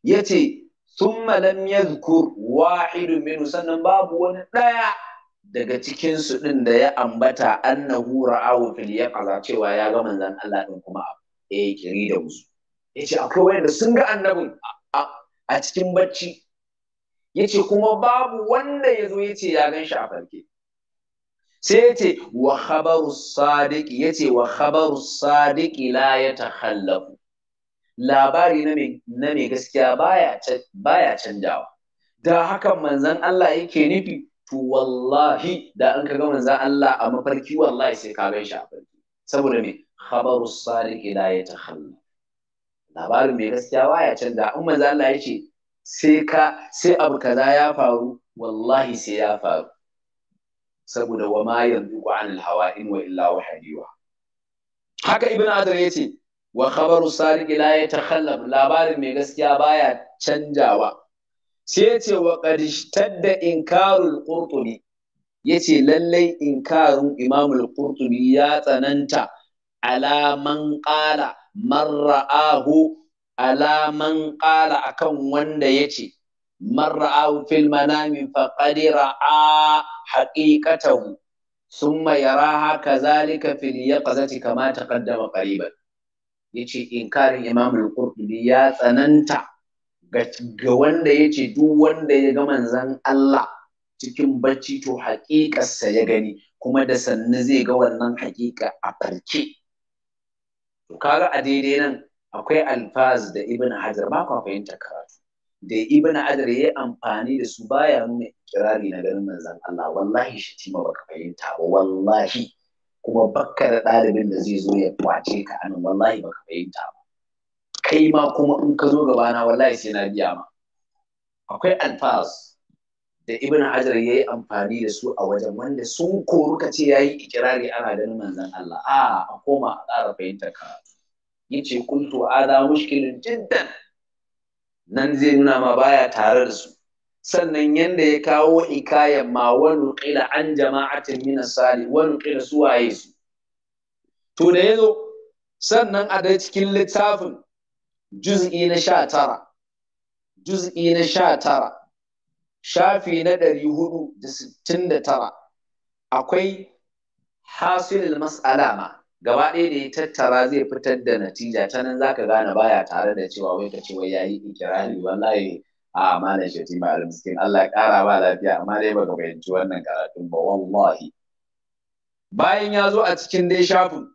yace thumma lam yadhkur wa'idun minhu sannan babu wani daya daga cikin su din da ya ambata annahu ra'ahu fil yaqaza cewa ya ga manzon Allah din kuma eh kiri da musu yace akwai wanda sun ga annabin a cikin bacci yace kuma babu wanda yazo yace ya gan shi a farke sai yace wa khabaru sadiq yace wa khabaru sadiq la yatakhallafu labari na mai na gaskiya baya baya canjawa da haka manzon Allah yake nufi to wallahi da an ka gama za Allah a mafarki wallahi sai ka gan shi a farki saboda me khabaru sadiq la yatakhalla labarin mai gaskiya waya canza in manzan Allah ya ce sai ka sai abu kaza ya faru wallahi sai ya faru saboda wa ma yanzuqu anil hawa in wa illa wahyiwa haka ibnu adar yace wa khabaru sadiq la yatakhalla labarin mai gaskiya baya canjawa sai ya ce wa da inkarul qurtubi ya ce lallai inkarin imamul qurtubi ya tsananta alaman ƙala marra'ahu alaman ƙala a kan wanda ya ce marra'ahu fil manami faqad ra'a haqiqatahu summa yaraha kadhalika fil kamata kama taqaddama Ya ce inkarin imamul qurtubi ya tsananta ga wanda ya ce duk wanda ya ga manzan Allah cikin bacci to haƙiƙarsa ya gani kuma da sannu zai ga wannan haƙiƙa a farke. To kaga a daidai nan akwai alfaz da Ibn Hajar ba ku fahimta karatu. Da Ibn Hajar ya yi amfani da su baya nuna kirari na ganin manzan Allah wallahi shi tima baka fahimta ba wallahi kuma bakka da ɗalibin da zai zo ya kwace ka anan wallahi baka fahimta ba. kai ma kuma in ka zo gaba na wallahi sai na biya ma akwai alfas da ibn hajar ya yi amfani da su a wajen wanda sun koru ka ce ya yi ikirari ana ganin manzan Allah a a koma a ƙara fahimtar ka ya ce kuntu ala mushkilin jiddan nan zai nuna ma baya tare da su sannan yanda ya kawo ikayan ma wani ƙila an jama'atin min sali wani ƙila su waye su to da yazo sannan a da cikin littafin juz'i na sha tara juz'i na sha tara shafi na ɗari hudu da sittin da tara akwai hasilul mas'alama. gaba ɗaya da ya tattara zai fitar da natija ta nan ka gane baya tare da cewa wai ka ce wai yayi ikirari wallahi a malam shati ma almiskin Allah ya ƙara ba lafiya amma dai ba ka fahimci wannan karatun ba wallahi bayan ya zo a cikin dai shafin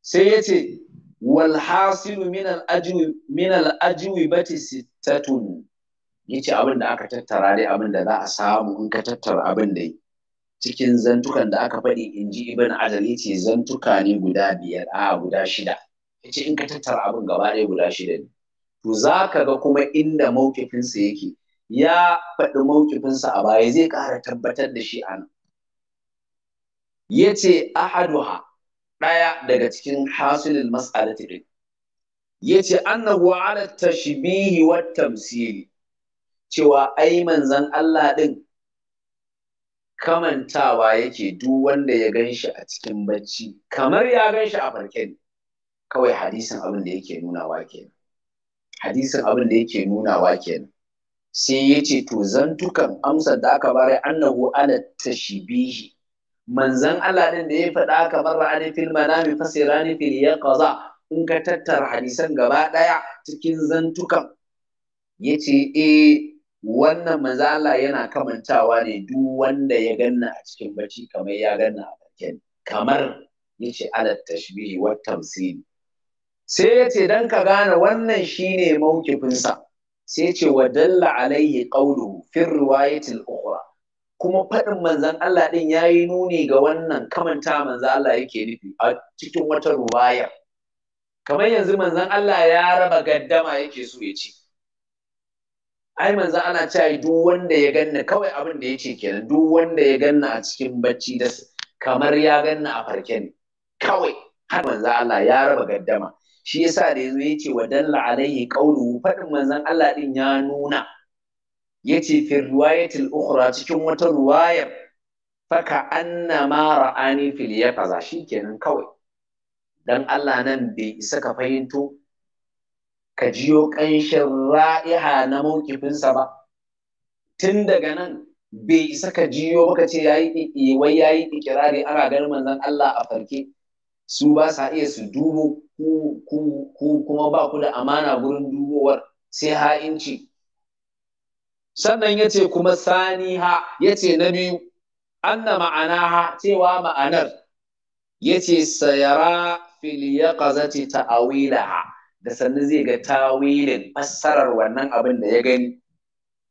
sai ya ce wal hasilu min al ba ta al ajwi bati sittatun yace abin da aka tattara dai abin da za a samu in ka tattara abin da yi. cikin zantukan da aka faɗi in ji ibn adal yace zantuka ne guda biyar a guda shida Ya ce in ka tattara abin gaba ɗaya guda shida ne to za ka ga kuma inda mawkifinsa yake ya faɗi mawkifinsa a baya zai ƙara tabbatar da shi a nan yace ahaduha ɗaya daga cikin hasilin mas'alati din yace annahu ala tashbihi wa tamsili cewa ai manzan Allah ɗin kamantawa yake duk wanda ya shi a cikin bacci kamar ya ganshi a farke kawai hadisin abin da yake nunawa kenan hadisin abin da yake nunawa kenan sai ya ce to zantukan amsar da aka bare annahu ala tashbihi manzan Allah din da ya faɗa kamar ra'ani fil manami fasirani ya yaqaza in ka tattara hadisan gaba ɗaya cikin zantukan yace e, eh, wannan manzan Allah yana kamantawa ne duk wanda ya ganna a cikin bacci kamar ya ganna a bakin kamar yace alat tashbihi wa tamsil sai yace dan ka gane wannan shine mawkifinsa sai ce wa dalla alaihi qawluhu fi riwayatil ukhra kuma faɗin manzan Allah ɗin ya yi nuni ga wannan kamanta manzan Allah yake nufi a cikin wata ruwaya kamar yanzu manzan Allah ya raba gaddama yake so ya ci ai manzan ana cewa duk wanda ya ganna kawai abin da yake kenan duk wanda ya ganna a cikin bacci da kamar ya ganna a farke ne kawai har manzan Allah ya raba gaddama shi yasa da yazo yace wa dalla alaihi qawluhu faɗin manzan Allah ɗin ya nuna yace fi riwayatil ukhra cikin wata ruwayar faka annama ra'ani fil shi shikenan kawai dan Allah nan bai isa ka fahimto ka jiyo ƙanshin ra'iha na mawkifinsa ba tun daga nan bai isa ka jiyo maka ce yayi wai yayi ikirari ana ganin manzon Allah a farke su ba sa iya su dubo ku kuma ba ku da amana gurin dubowar sai ha'inci sannan ya ce kuma saniha ya ce na biyu anna ma'anaha cewa ma'anar ya ce sayara filiya ta ta'awilaha da sannan zai ga tawilin fassarar wannan abin da ya gani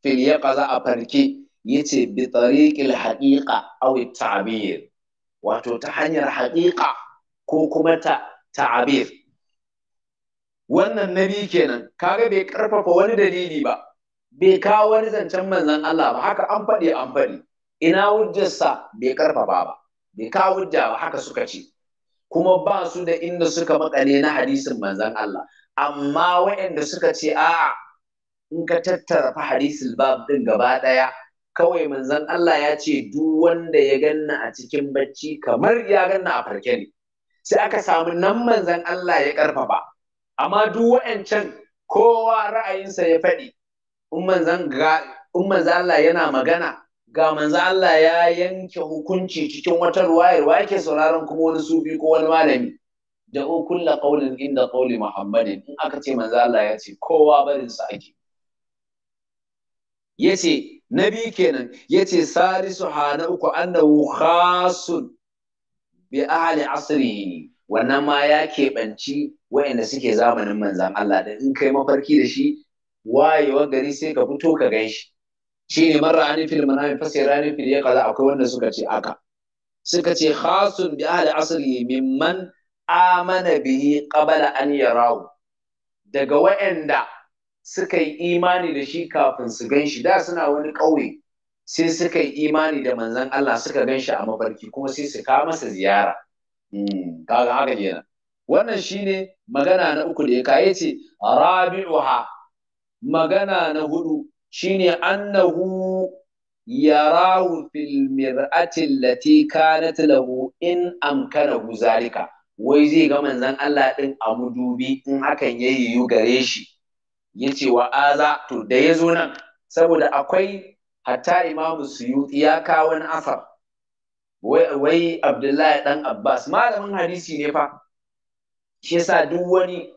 filiya ƙaza a farke ya ce bi tariƙil haƙiƙa awi ta'abir wato ta hanyar haƙiƙa ko kuma ta ta'abir wannan nabi kenan kaga bai ƙarfafa wani dalili ba bai kawo wani zancen Manzan Allah ba haka an faɗi an faɗi ina hujjarsa bai karfafa ba bai kawo hujja ba haka suka ce kuma ba su da inda suka makale na hadisin Manzan Allah amma waɗanda suka ce a'a in ka tattara fa hadisin bab din gaba ɗaya kawai Manzan Allah ya ce duk wanda ya ganna a cikin bacci kamar ya ganna a farke ne sai aka samu nan Manzan Allah ya karfafa amma duk waɗancan kowa ra'ayinsa ya faɗi in manzan Allah yana magana ga manzan Allah ya yanke hukunci cikin wata ruwayar wa yake sauraron kuma wani sufi ko wani malami da o kulla qaulin inda qauli muhammadin in aka ce manzan Allah ya ce kowa barin sa ake yace nabi kenan yace Salisu hana uku annahu khasun bi ahli asrihi wannan ma ya keɓanci wayanda suke zamanin manzan Allah da in kai mafarki da shi wayewar gari sai ka fito ka gan shi shi ne mara ani fil mai fasir ani fil ya kaza akwai wanda suka ce aka suka ce khasun bi ahli asli mimman amana bihi qabala an yarahu daga waɗanda suka yi imani da shi kafin su gan shi da suna wani ƙauye sai suka yi imani da manzon Allah suka gan shi a mafarki kuma sai su kawo masa ziyara hmm, kaga haka kenan wannan shine magana na uku da ya kaye ce rabi'uha magana na hudu shine annahu yarahu fil mir'ati allati kanat lahu in amkanahu zalika wai zai ga manzan Allah ɗin a mudubi in hakan yi yu gare shi Ya ce wa aza to da ya zo nan saboda akwai hatta imamu suyuti ya kawo wani asar wai abdullahi ɗan abbas malamin hadisi ne fa shi sa duk wani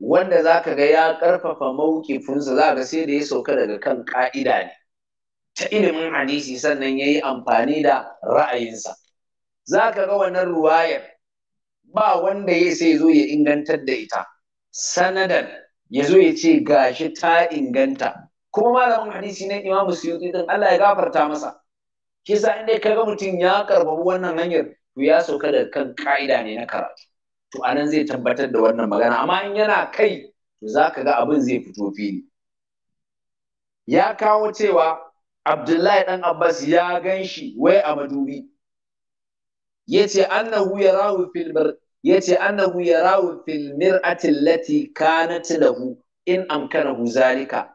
wanda za ka ga ya ƙarfafa mawukifinsa za ga sai da ya sauka daga kan ƙa'ida ne ta ilimin hadisi sannan ya yi amfani da ra'ayinsa za ka ga wannan ruwayar ba wanda ya sai zo ya ingantar da ita sanadan ya zo ya ce gashi ta inganta kuma malamin hadisi na imamu suyuti din Allah ya gafarta masa kisa inda ka ga mutum ya karbabu wannan hanyar to ya sauka daga kan ƙa'ida ne na karatu to anan zai tabbatar da wannan magana amma in yana kai to za ka ga abin zai fito fili ya kawo cewa abdullahi dan abbas ya gan shi wai a madubi ya ce annahu ya filmir ya ce annahu ya fil filmir allati kanat lahu in amkanahu zalika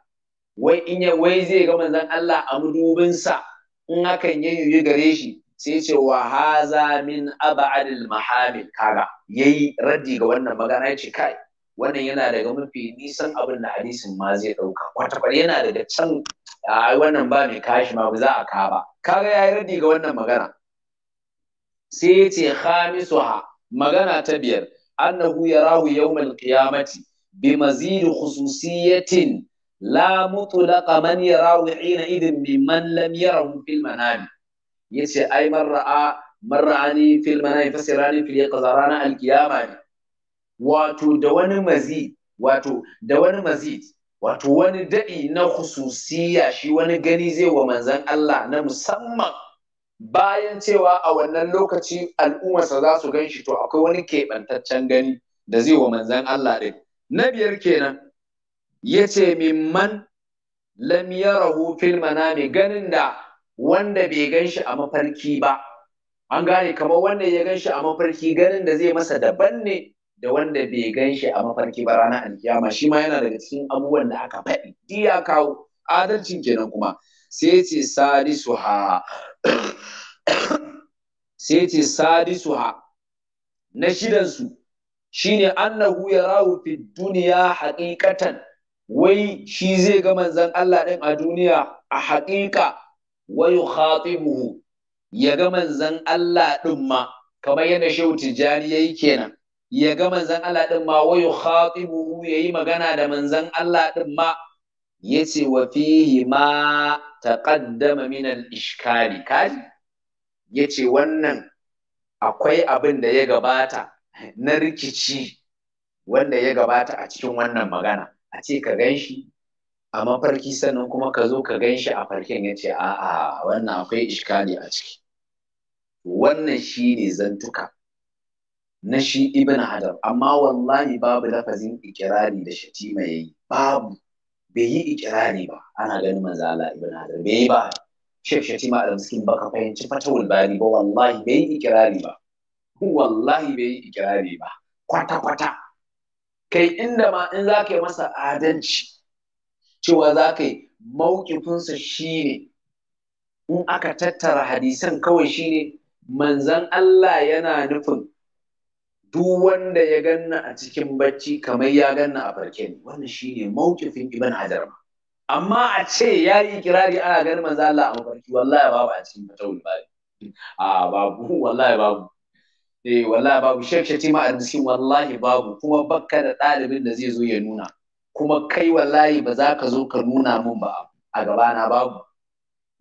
wai in ya wai zai ga manzon Allah a madubinsa in hakan ya gare shi sai ce wa haza min aba'adil mahamil kaga yayi raddi ga wannan magana ce kai wannan yana daga mafi nisan abin da hadisin ma zai dauka wata yana daga can ai wannan ba mai kashi ma ba za a ka ba kaga yayi raddi ga wannan magana sai ya ce khamisuha magana ta biyar annahu yarahu yawmal qiyamati bi mazid khususiyatin la mutlaqa man yarahu ina idin mimman lam yarahu fil manami yace ai man ra'a man ra'ani fil manami fasirani fil yaqza al alkiyama ne wato da wani mazi wato da wani mazid wato wani daɗi na khususiya shi wani gani zai wa manzan Allah na musamman bayan cewa a wannan lokaci al'ummarsa za su gan shi to akwai wani keɓantaccen gani da zai wa manzan Allah ɗin. Na biyar kenan yace ce mimman lam yarahu fil manami ganin da wanda bai gan shi a mafarki ba an gane kamar wanda ya gan shi a mafarki ganin da zai masa daban ne da wanda bai gan shi a mafarki ba ranar alkiyama shi ma yana daga cikin abubuwan da aka faɗi ya kawo adalcin kenan kuma sai ce sadisu ha sai ce sadisu ha na shidansu shine annahu rahu fi duniya haqiqatan wai shi zai ga manzon Allah ɗin a duniya a haƙiƙa Wayu yukhatibuhu ya ga manzan Allah ɗin ma kamar yadda jari ya yayi kenan ya ga manzan Allah ɗin ma wa ya yayi magana da manzan Allah ɗin ma yace wa fihi ma taqaddama min al-ishkali kaji ce wannan akwai abin da ya gabata na rikici wanda ya gabata a cikin wannan magana a ce ka gan shi a mafarki sannan kuma ka zo ka gan shi a farkin ya ce a'a wannan akwai iskali a ciki wannan shi ne zantuka na shi ibn hajar amma wallahi babu lafazin ikirari da shatima ya yi babu bai yi ikirari ba ana ganin manzo Allah ibn hajar bai yi ba shek shatima da miskin baka fahimci fatawul bari ba wallahi bai yi ikirari ba wallahi bai yi ikirari ba kwata kwata kai inda ma in zaka yi masa adalci cewa za ka yi mawukifinsa shi ne in aka tattara hadisan kawai shi ne manzan Allah yana nufin duk wanda ya ganna a cikin bacci kamar ya ganna a farke ne wannan shi ne mawukifin ibn hajar ma amma a ce ya yi kirari ana ganin manzan Allah a mafarki wallahi babu a cikin fatawul bari a babu wallahi babu eh wallahi babu shek shatima a cikin wallahi babu kuma bakka da ɗalibin da zai zo ya nuna kuma kai wallahi ba za ka zo ka nuna min ba a gabana babu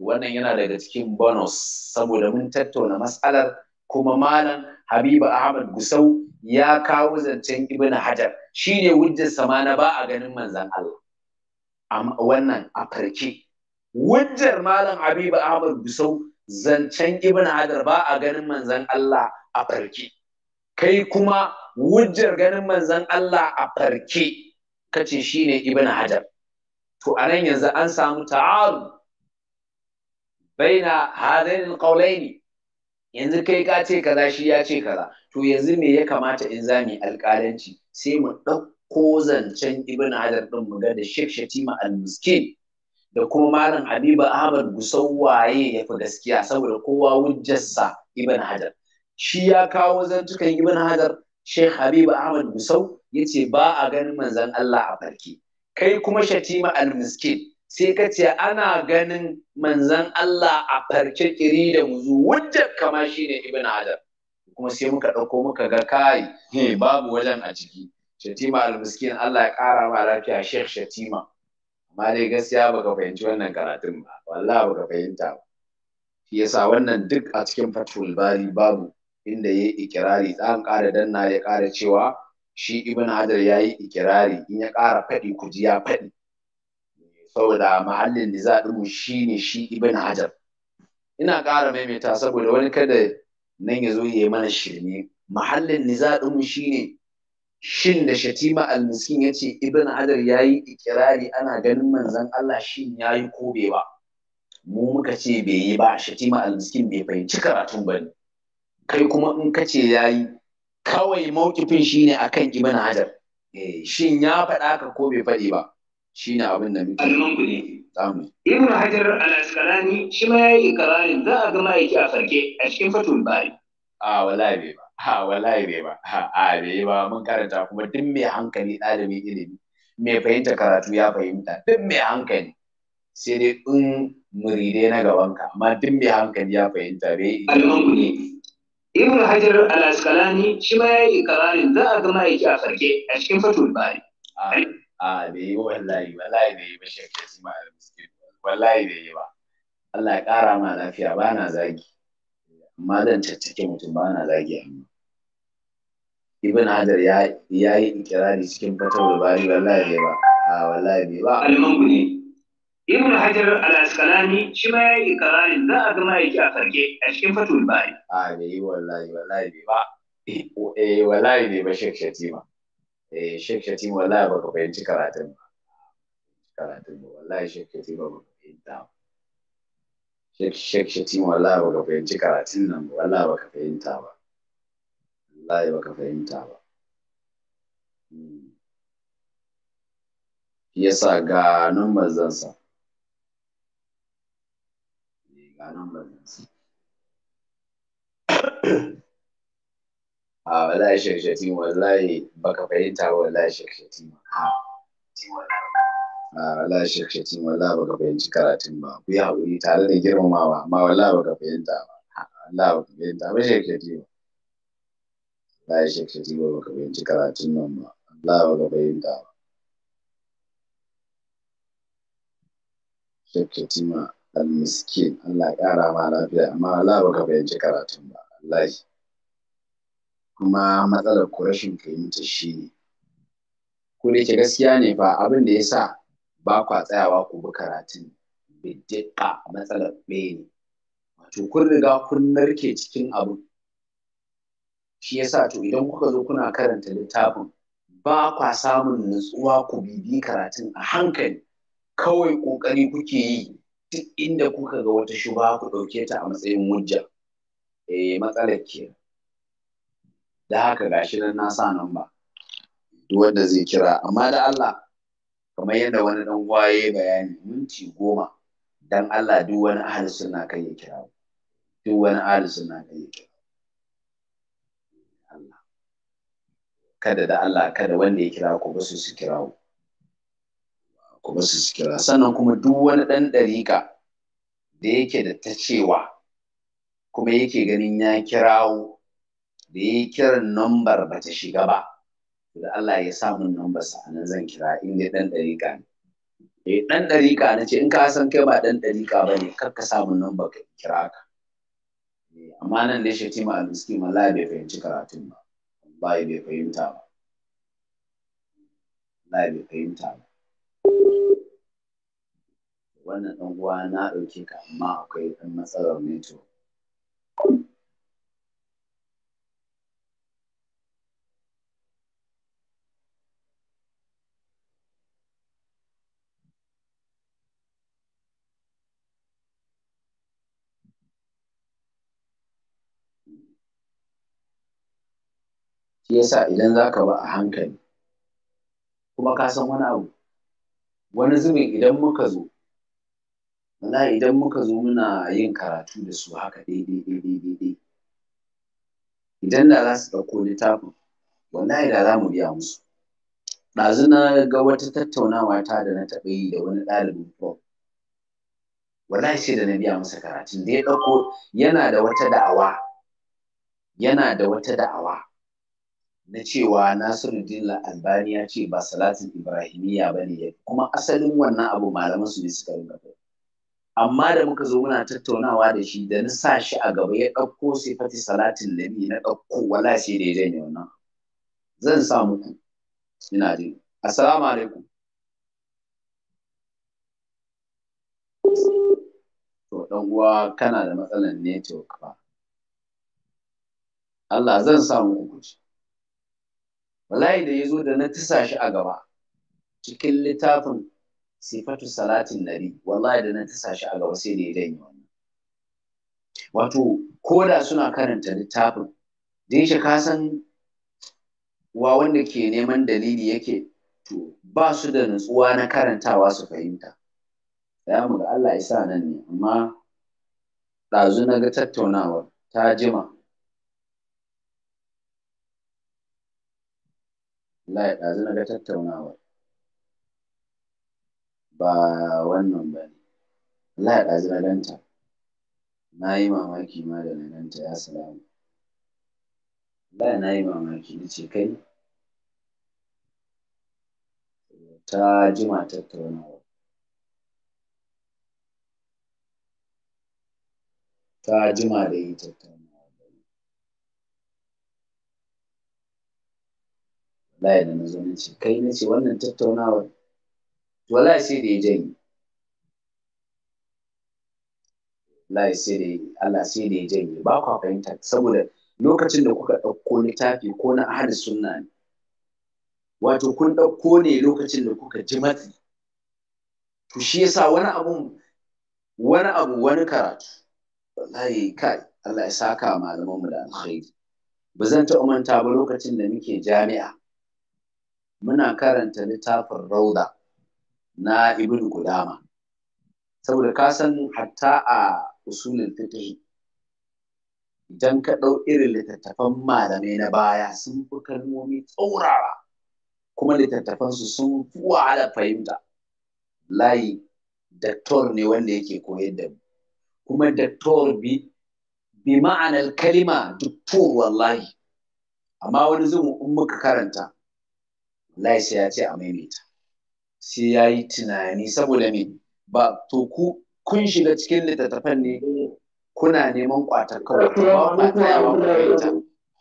wannan yana daga cikin bonus saboda mun tattauna matsalar kuma malam habibu ahmad gusau ya kawo zancen ibn hajar shine wujjar sama na ba a ganin manzan allah wannan a farke wujjar malam habibu ahmad gusau zancen ibn hajar ba a ganin manzan allah a farke kai kuma wujjar ganin manzan allah a farke kace shine ibn hajar to anan yanzu an samu ta'arud baina hadain alqawlain yanzu kai ka ce kaza shi ya ce kaza to yanzu me ya kamata in zami alƙalanci sai mu ɗauko zancen ibn hajar din mu ga da shek shatima al-miskin da kuma malam habiba ahmad gusau waye ya fi gaskiya saboda kowa hujjarsa ibn hajar shi ya kawo zantukan ibn hajar sheikh habiba ahmad gusau yace ba a ganin manzan Allah a farke kai kuma shatima al-miskin sai ka ce ana ganin manzan Allah a farke kiri da muzu wanda kama shine ibn Adam kuma sai muka ɗauko muka ga kai ne babu wajen a ciki shatima al-miskin Allah ya ƙara ma lafiya Sheikh Shatima amma dai gaskiya baka fahimci wannan karatun ba wallahi baka fahimta ba shi yasa wannan duk a cikin fatul bari babu inda ya yayi ikirari dan ƙara danna ya ƙara cewa shi ibn hajar ya yi ikirari in ya ƙara faɗi ku ya faɗi saboda mahallin niza ɗinmu shi ne shi ibn hajar ina ƙara maimaita saboda wani kada nan ya zo ya yi mana shirme mahallin niza ɗinmu shi ne shin da shatima al almiskin ya ce ibn hajar ya yi ikirari ana ganin manzan allah shin ya yi ko bai ba mu muka ce bai yi ba shatima al al-miskin bai fahimci karatun ba ne kai kuma in ka ce ya yi kawai shi ne a kan ibn hajar eh, shin ya faɗa ka ko bai faɗi ba Shi ne abin da muke ku ne zamu ibn hajar al-asqalani shi ma yayi ikrarin za a ga ma'aiki a farke a cikin fatul bari a wallahi bai ba a wallahi bai ba a bai ba mun karanta kuma duk mai hankali ɗalibin ilimi mai fahimta karatu ya fahimta duk mai hankali sai dai in muridai na gabanka amma duk mai hankali ya fahimta bai almanku ne ibn hajar al-asqalani shi ma yayi ikrarin za a ga ma'aiki a farke a cikin fatul bari a da yi wallahi wallahi da yi ba shekka su ma miskin wallahi da yi ba Allah ya ƙara ma lafiya ba na zagi amma zan caccake mutum ba na zagi amma ibn hajar ya yi ikirari cikin fatul bari wallahi da yi ba a wallahi da yi ba ku ne. ibn hajar al-asqalani shi ma ya yi za a ga ma'aiki a farke a cikin fatul bari a bai wallahi wallahi ba eh wallahi ne ba Sheikh shatima eh Sheikh shatima wallahi baka fahimci karatun ba karatun ba wallahi Sheikh shatima ba ka ba Sheikh shatima wallahi baka fahimci karatun nan ba wallahi baka fahimta ba wallahi baka fahimta ba hmm. yasa ga nan manzansa a ah, wallahi shekshati wallahi baka fahimta wallahi ma ha wala shekshati wala baka fahimci karatun ba ku yi haƙuri tare da girmamawa amma wala baka fahimta ba ah, wala baka fahimta ba shekshati ba wala shekshati ba baka fahimci karatun nan ba wala baka fahimta ba shekshati ma miski Allah ƙara ma lafiya amma Allah ka fahimci karatun ba wallahi kuma matsalar ku rashin fahimta shi ne ku da gaskiya ne ba abin da ya sa ba kwa tsayawa ku bi karatun bidiƙa matsalar ɗaya ne wato kun riga kun narke cikin abu shi ya sa to idan kuka zo kuna karanta littafin ba kwa samun nutsuwa ku bibi karatun a hankali kawai ƙoƙari kuke yi duk inda kuka ga wata shuba ku ɗauke ta a matsayin hujja eh matsalar ke da haka gashi nan na sa nan ba duk wanda zai kira amma da Allah kamar yadda wani dan waye bayani minti goma dan Allah duk wani ahli sunna kai ya kira duk wani ahli sunna kai ya kira Allah kada da Allah kada wanda ya kira ku ba su su kira ku kuma su kira sannan kuma duk wani ɗan ɗariƙa da yake da ta cewa kuma yake ganin ya kirawo da ya kiran nambar ba ta shiga ba da Allah ya samu nambar sa nan zan kira in dai ɗan ɗariƙa ne eh ɗan ɗariƙa na ce in ka san kai ba ɗan ɗariƙa ba ne kar ka samu nambar ka kira ka eh, amma nan dai shatima al-miskin wallahi bai fahimci karatun ba wallahi bai fahimta ba bai fahimta ba wannan ɗan uwa na ɗauke ka amma akwai ɗan matsalar network shi yasa idan za ka ba a hankali kuma ka san wani abu wani zubin idan muka zo wala idan muka zo muna yin karatu da su haka daidai daidai idan da za su ɗauko littafin wallahi da za mu biya musu ɗazu na ga wata tattaunawa ta da na taɓa yi da wani ɗalibin prof wallahi sai da na biya masa karatun da ya ɗauko yana da wata da'awa yana da wata da'awa na cewa Nasiruddin Albani ya ce ba salatin Ibrahimiyya ba ne kuma asalin wannan abu malaman su ne suka rinka kai amma da muka zo muna tattaunawa da shi da na sa shi a gaba ya ɗauko sifati salatin nabi na ɗauko wala sai da ya janye wannan zan sa muku ina jin assalamu alaikum to dan uwa kana da matsalan network fa Allah zan sa muku kuci wallahi da yazo da na tisa shi a gaba cikin littafin sifatu salatin nari wallahi da na tasa shi a gaba sai da ya janye wannan wato ko da suna karanta littafin da shi ka san wa wanda ke neman dalili yake to ba su da nutsuwa na karantawa su fahimta ya mu ga Allah ya sa nan ne amma ɗazu na ga tattaunawar ta jima Allah ya ɗazu na ga tattaunawar ba wannan ba ne Allah ɗazu na danta na yi mamaki ma da na danta ya salamu Allah na yi mamaki na ce kai ta jima tattaunawa ta jima da yi tattaunawa da Allah ya da na zo na ce kai na ce wannan tattaunawar wala sai da ya janye Allah sai da Allah sai da ya janye ba kwa fahimta saboda lokacin da kuka ɗauko littafi ko na ahli sunna ne wato kun ɗauko ne lokacin da kuka ji matsi to shi yasa wani abu wani abu wani karatu wallahi kai Allah ya saka malaman mu da alkhairi ba zan ta manta ba lokacin da muke jami'a muna karanta littafin rauda na ibn Kudama. Saboda ka san hatta a usulin fiqh idan ka ɗau irin litattafan malamai na baya sun fi kalmomi tsaurara kuma su sun fi wahala fahimta. Layi daktor ne wanda yake koyar da mu. Kuma daktor bi bi ma'anar kalima doktor wallahi. Amma wani zumu in muka karanta, layi sai ya ce a maimaita. sai ya yi tunani saboda me ba to ku kun shiga cikin littattafan ne kuna neman kwatar kawai ba kuna tsayawa ku fahimta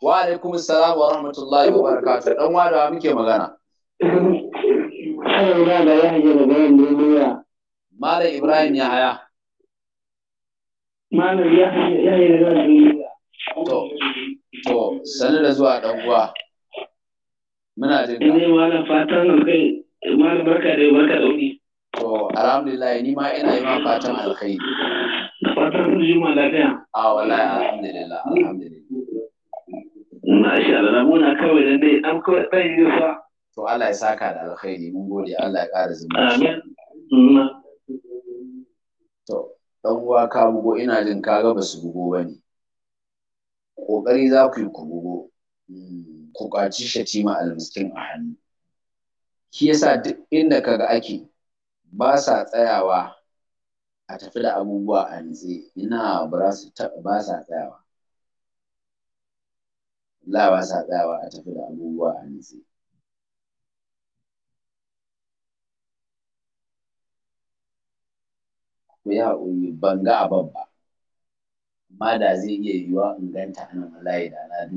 wa alaikum salam wa rahmatullahi wa barakatuh dan wadawa muke magana Malam Ibrahim ya haya. Malam ya haya da To, to, sani da zuwa ɗan uwa. Muna jin ka. Ina na fatan kai Malam barka da barka da wuni. To alhamdulillah ni ma ina yi ma fatan alkhairi. Da fatan sun ji ma lafiya. A wallahi alhamdulillah alhamdulillah. Masha Allah muna kawai dan dai an kawai dan yi fa. To Allah ya saka da alkhairi mun gode Allah ya ƙara zumunci. Amin. To dan uwa ka bugo ina jin kaga ba su bugo bane. Kokari za ku yi ku bugo. Hmm, ku kwaci shatima almiskin a hannu. shi yasa duk inda kaga ake ba sa tsayawa a tafi da abubuwa a nitse ina ba su ba sa tsayawa la ba sa tsayawa a tafi da abubuwa a nitse ku yi haƙuri ban ga abin ba amma da zai iya yiwuwa in ganta ana nan wallahi da na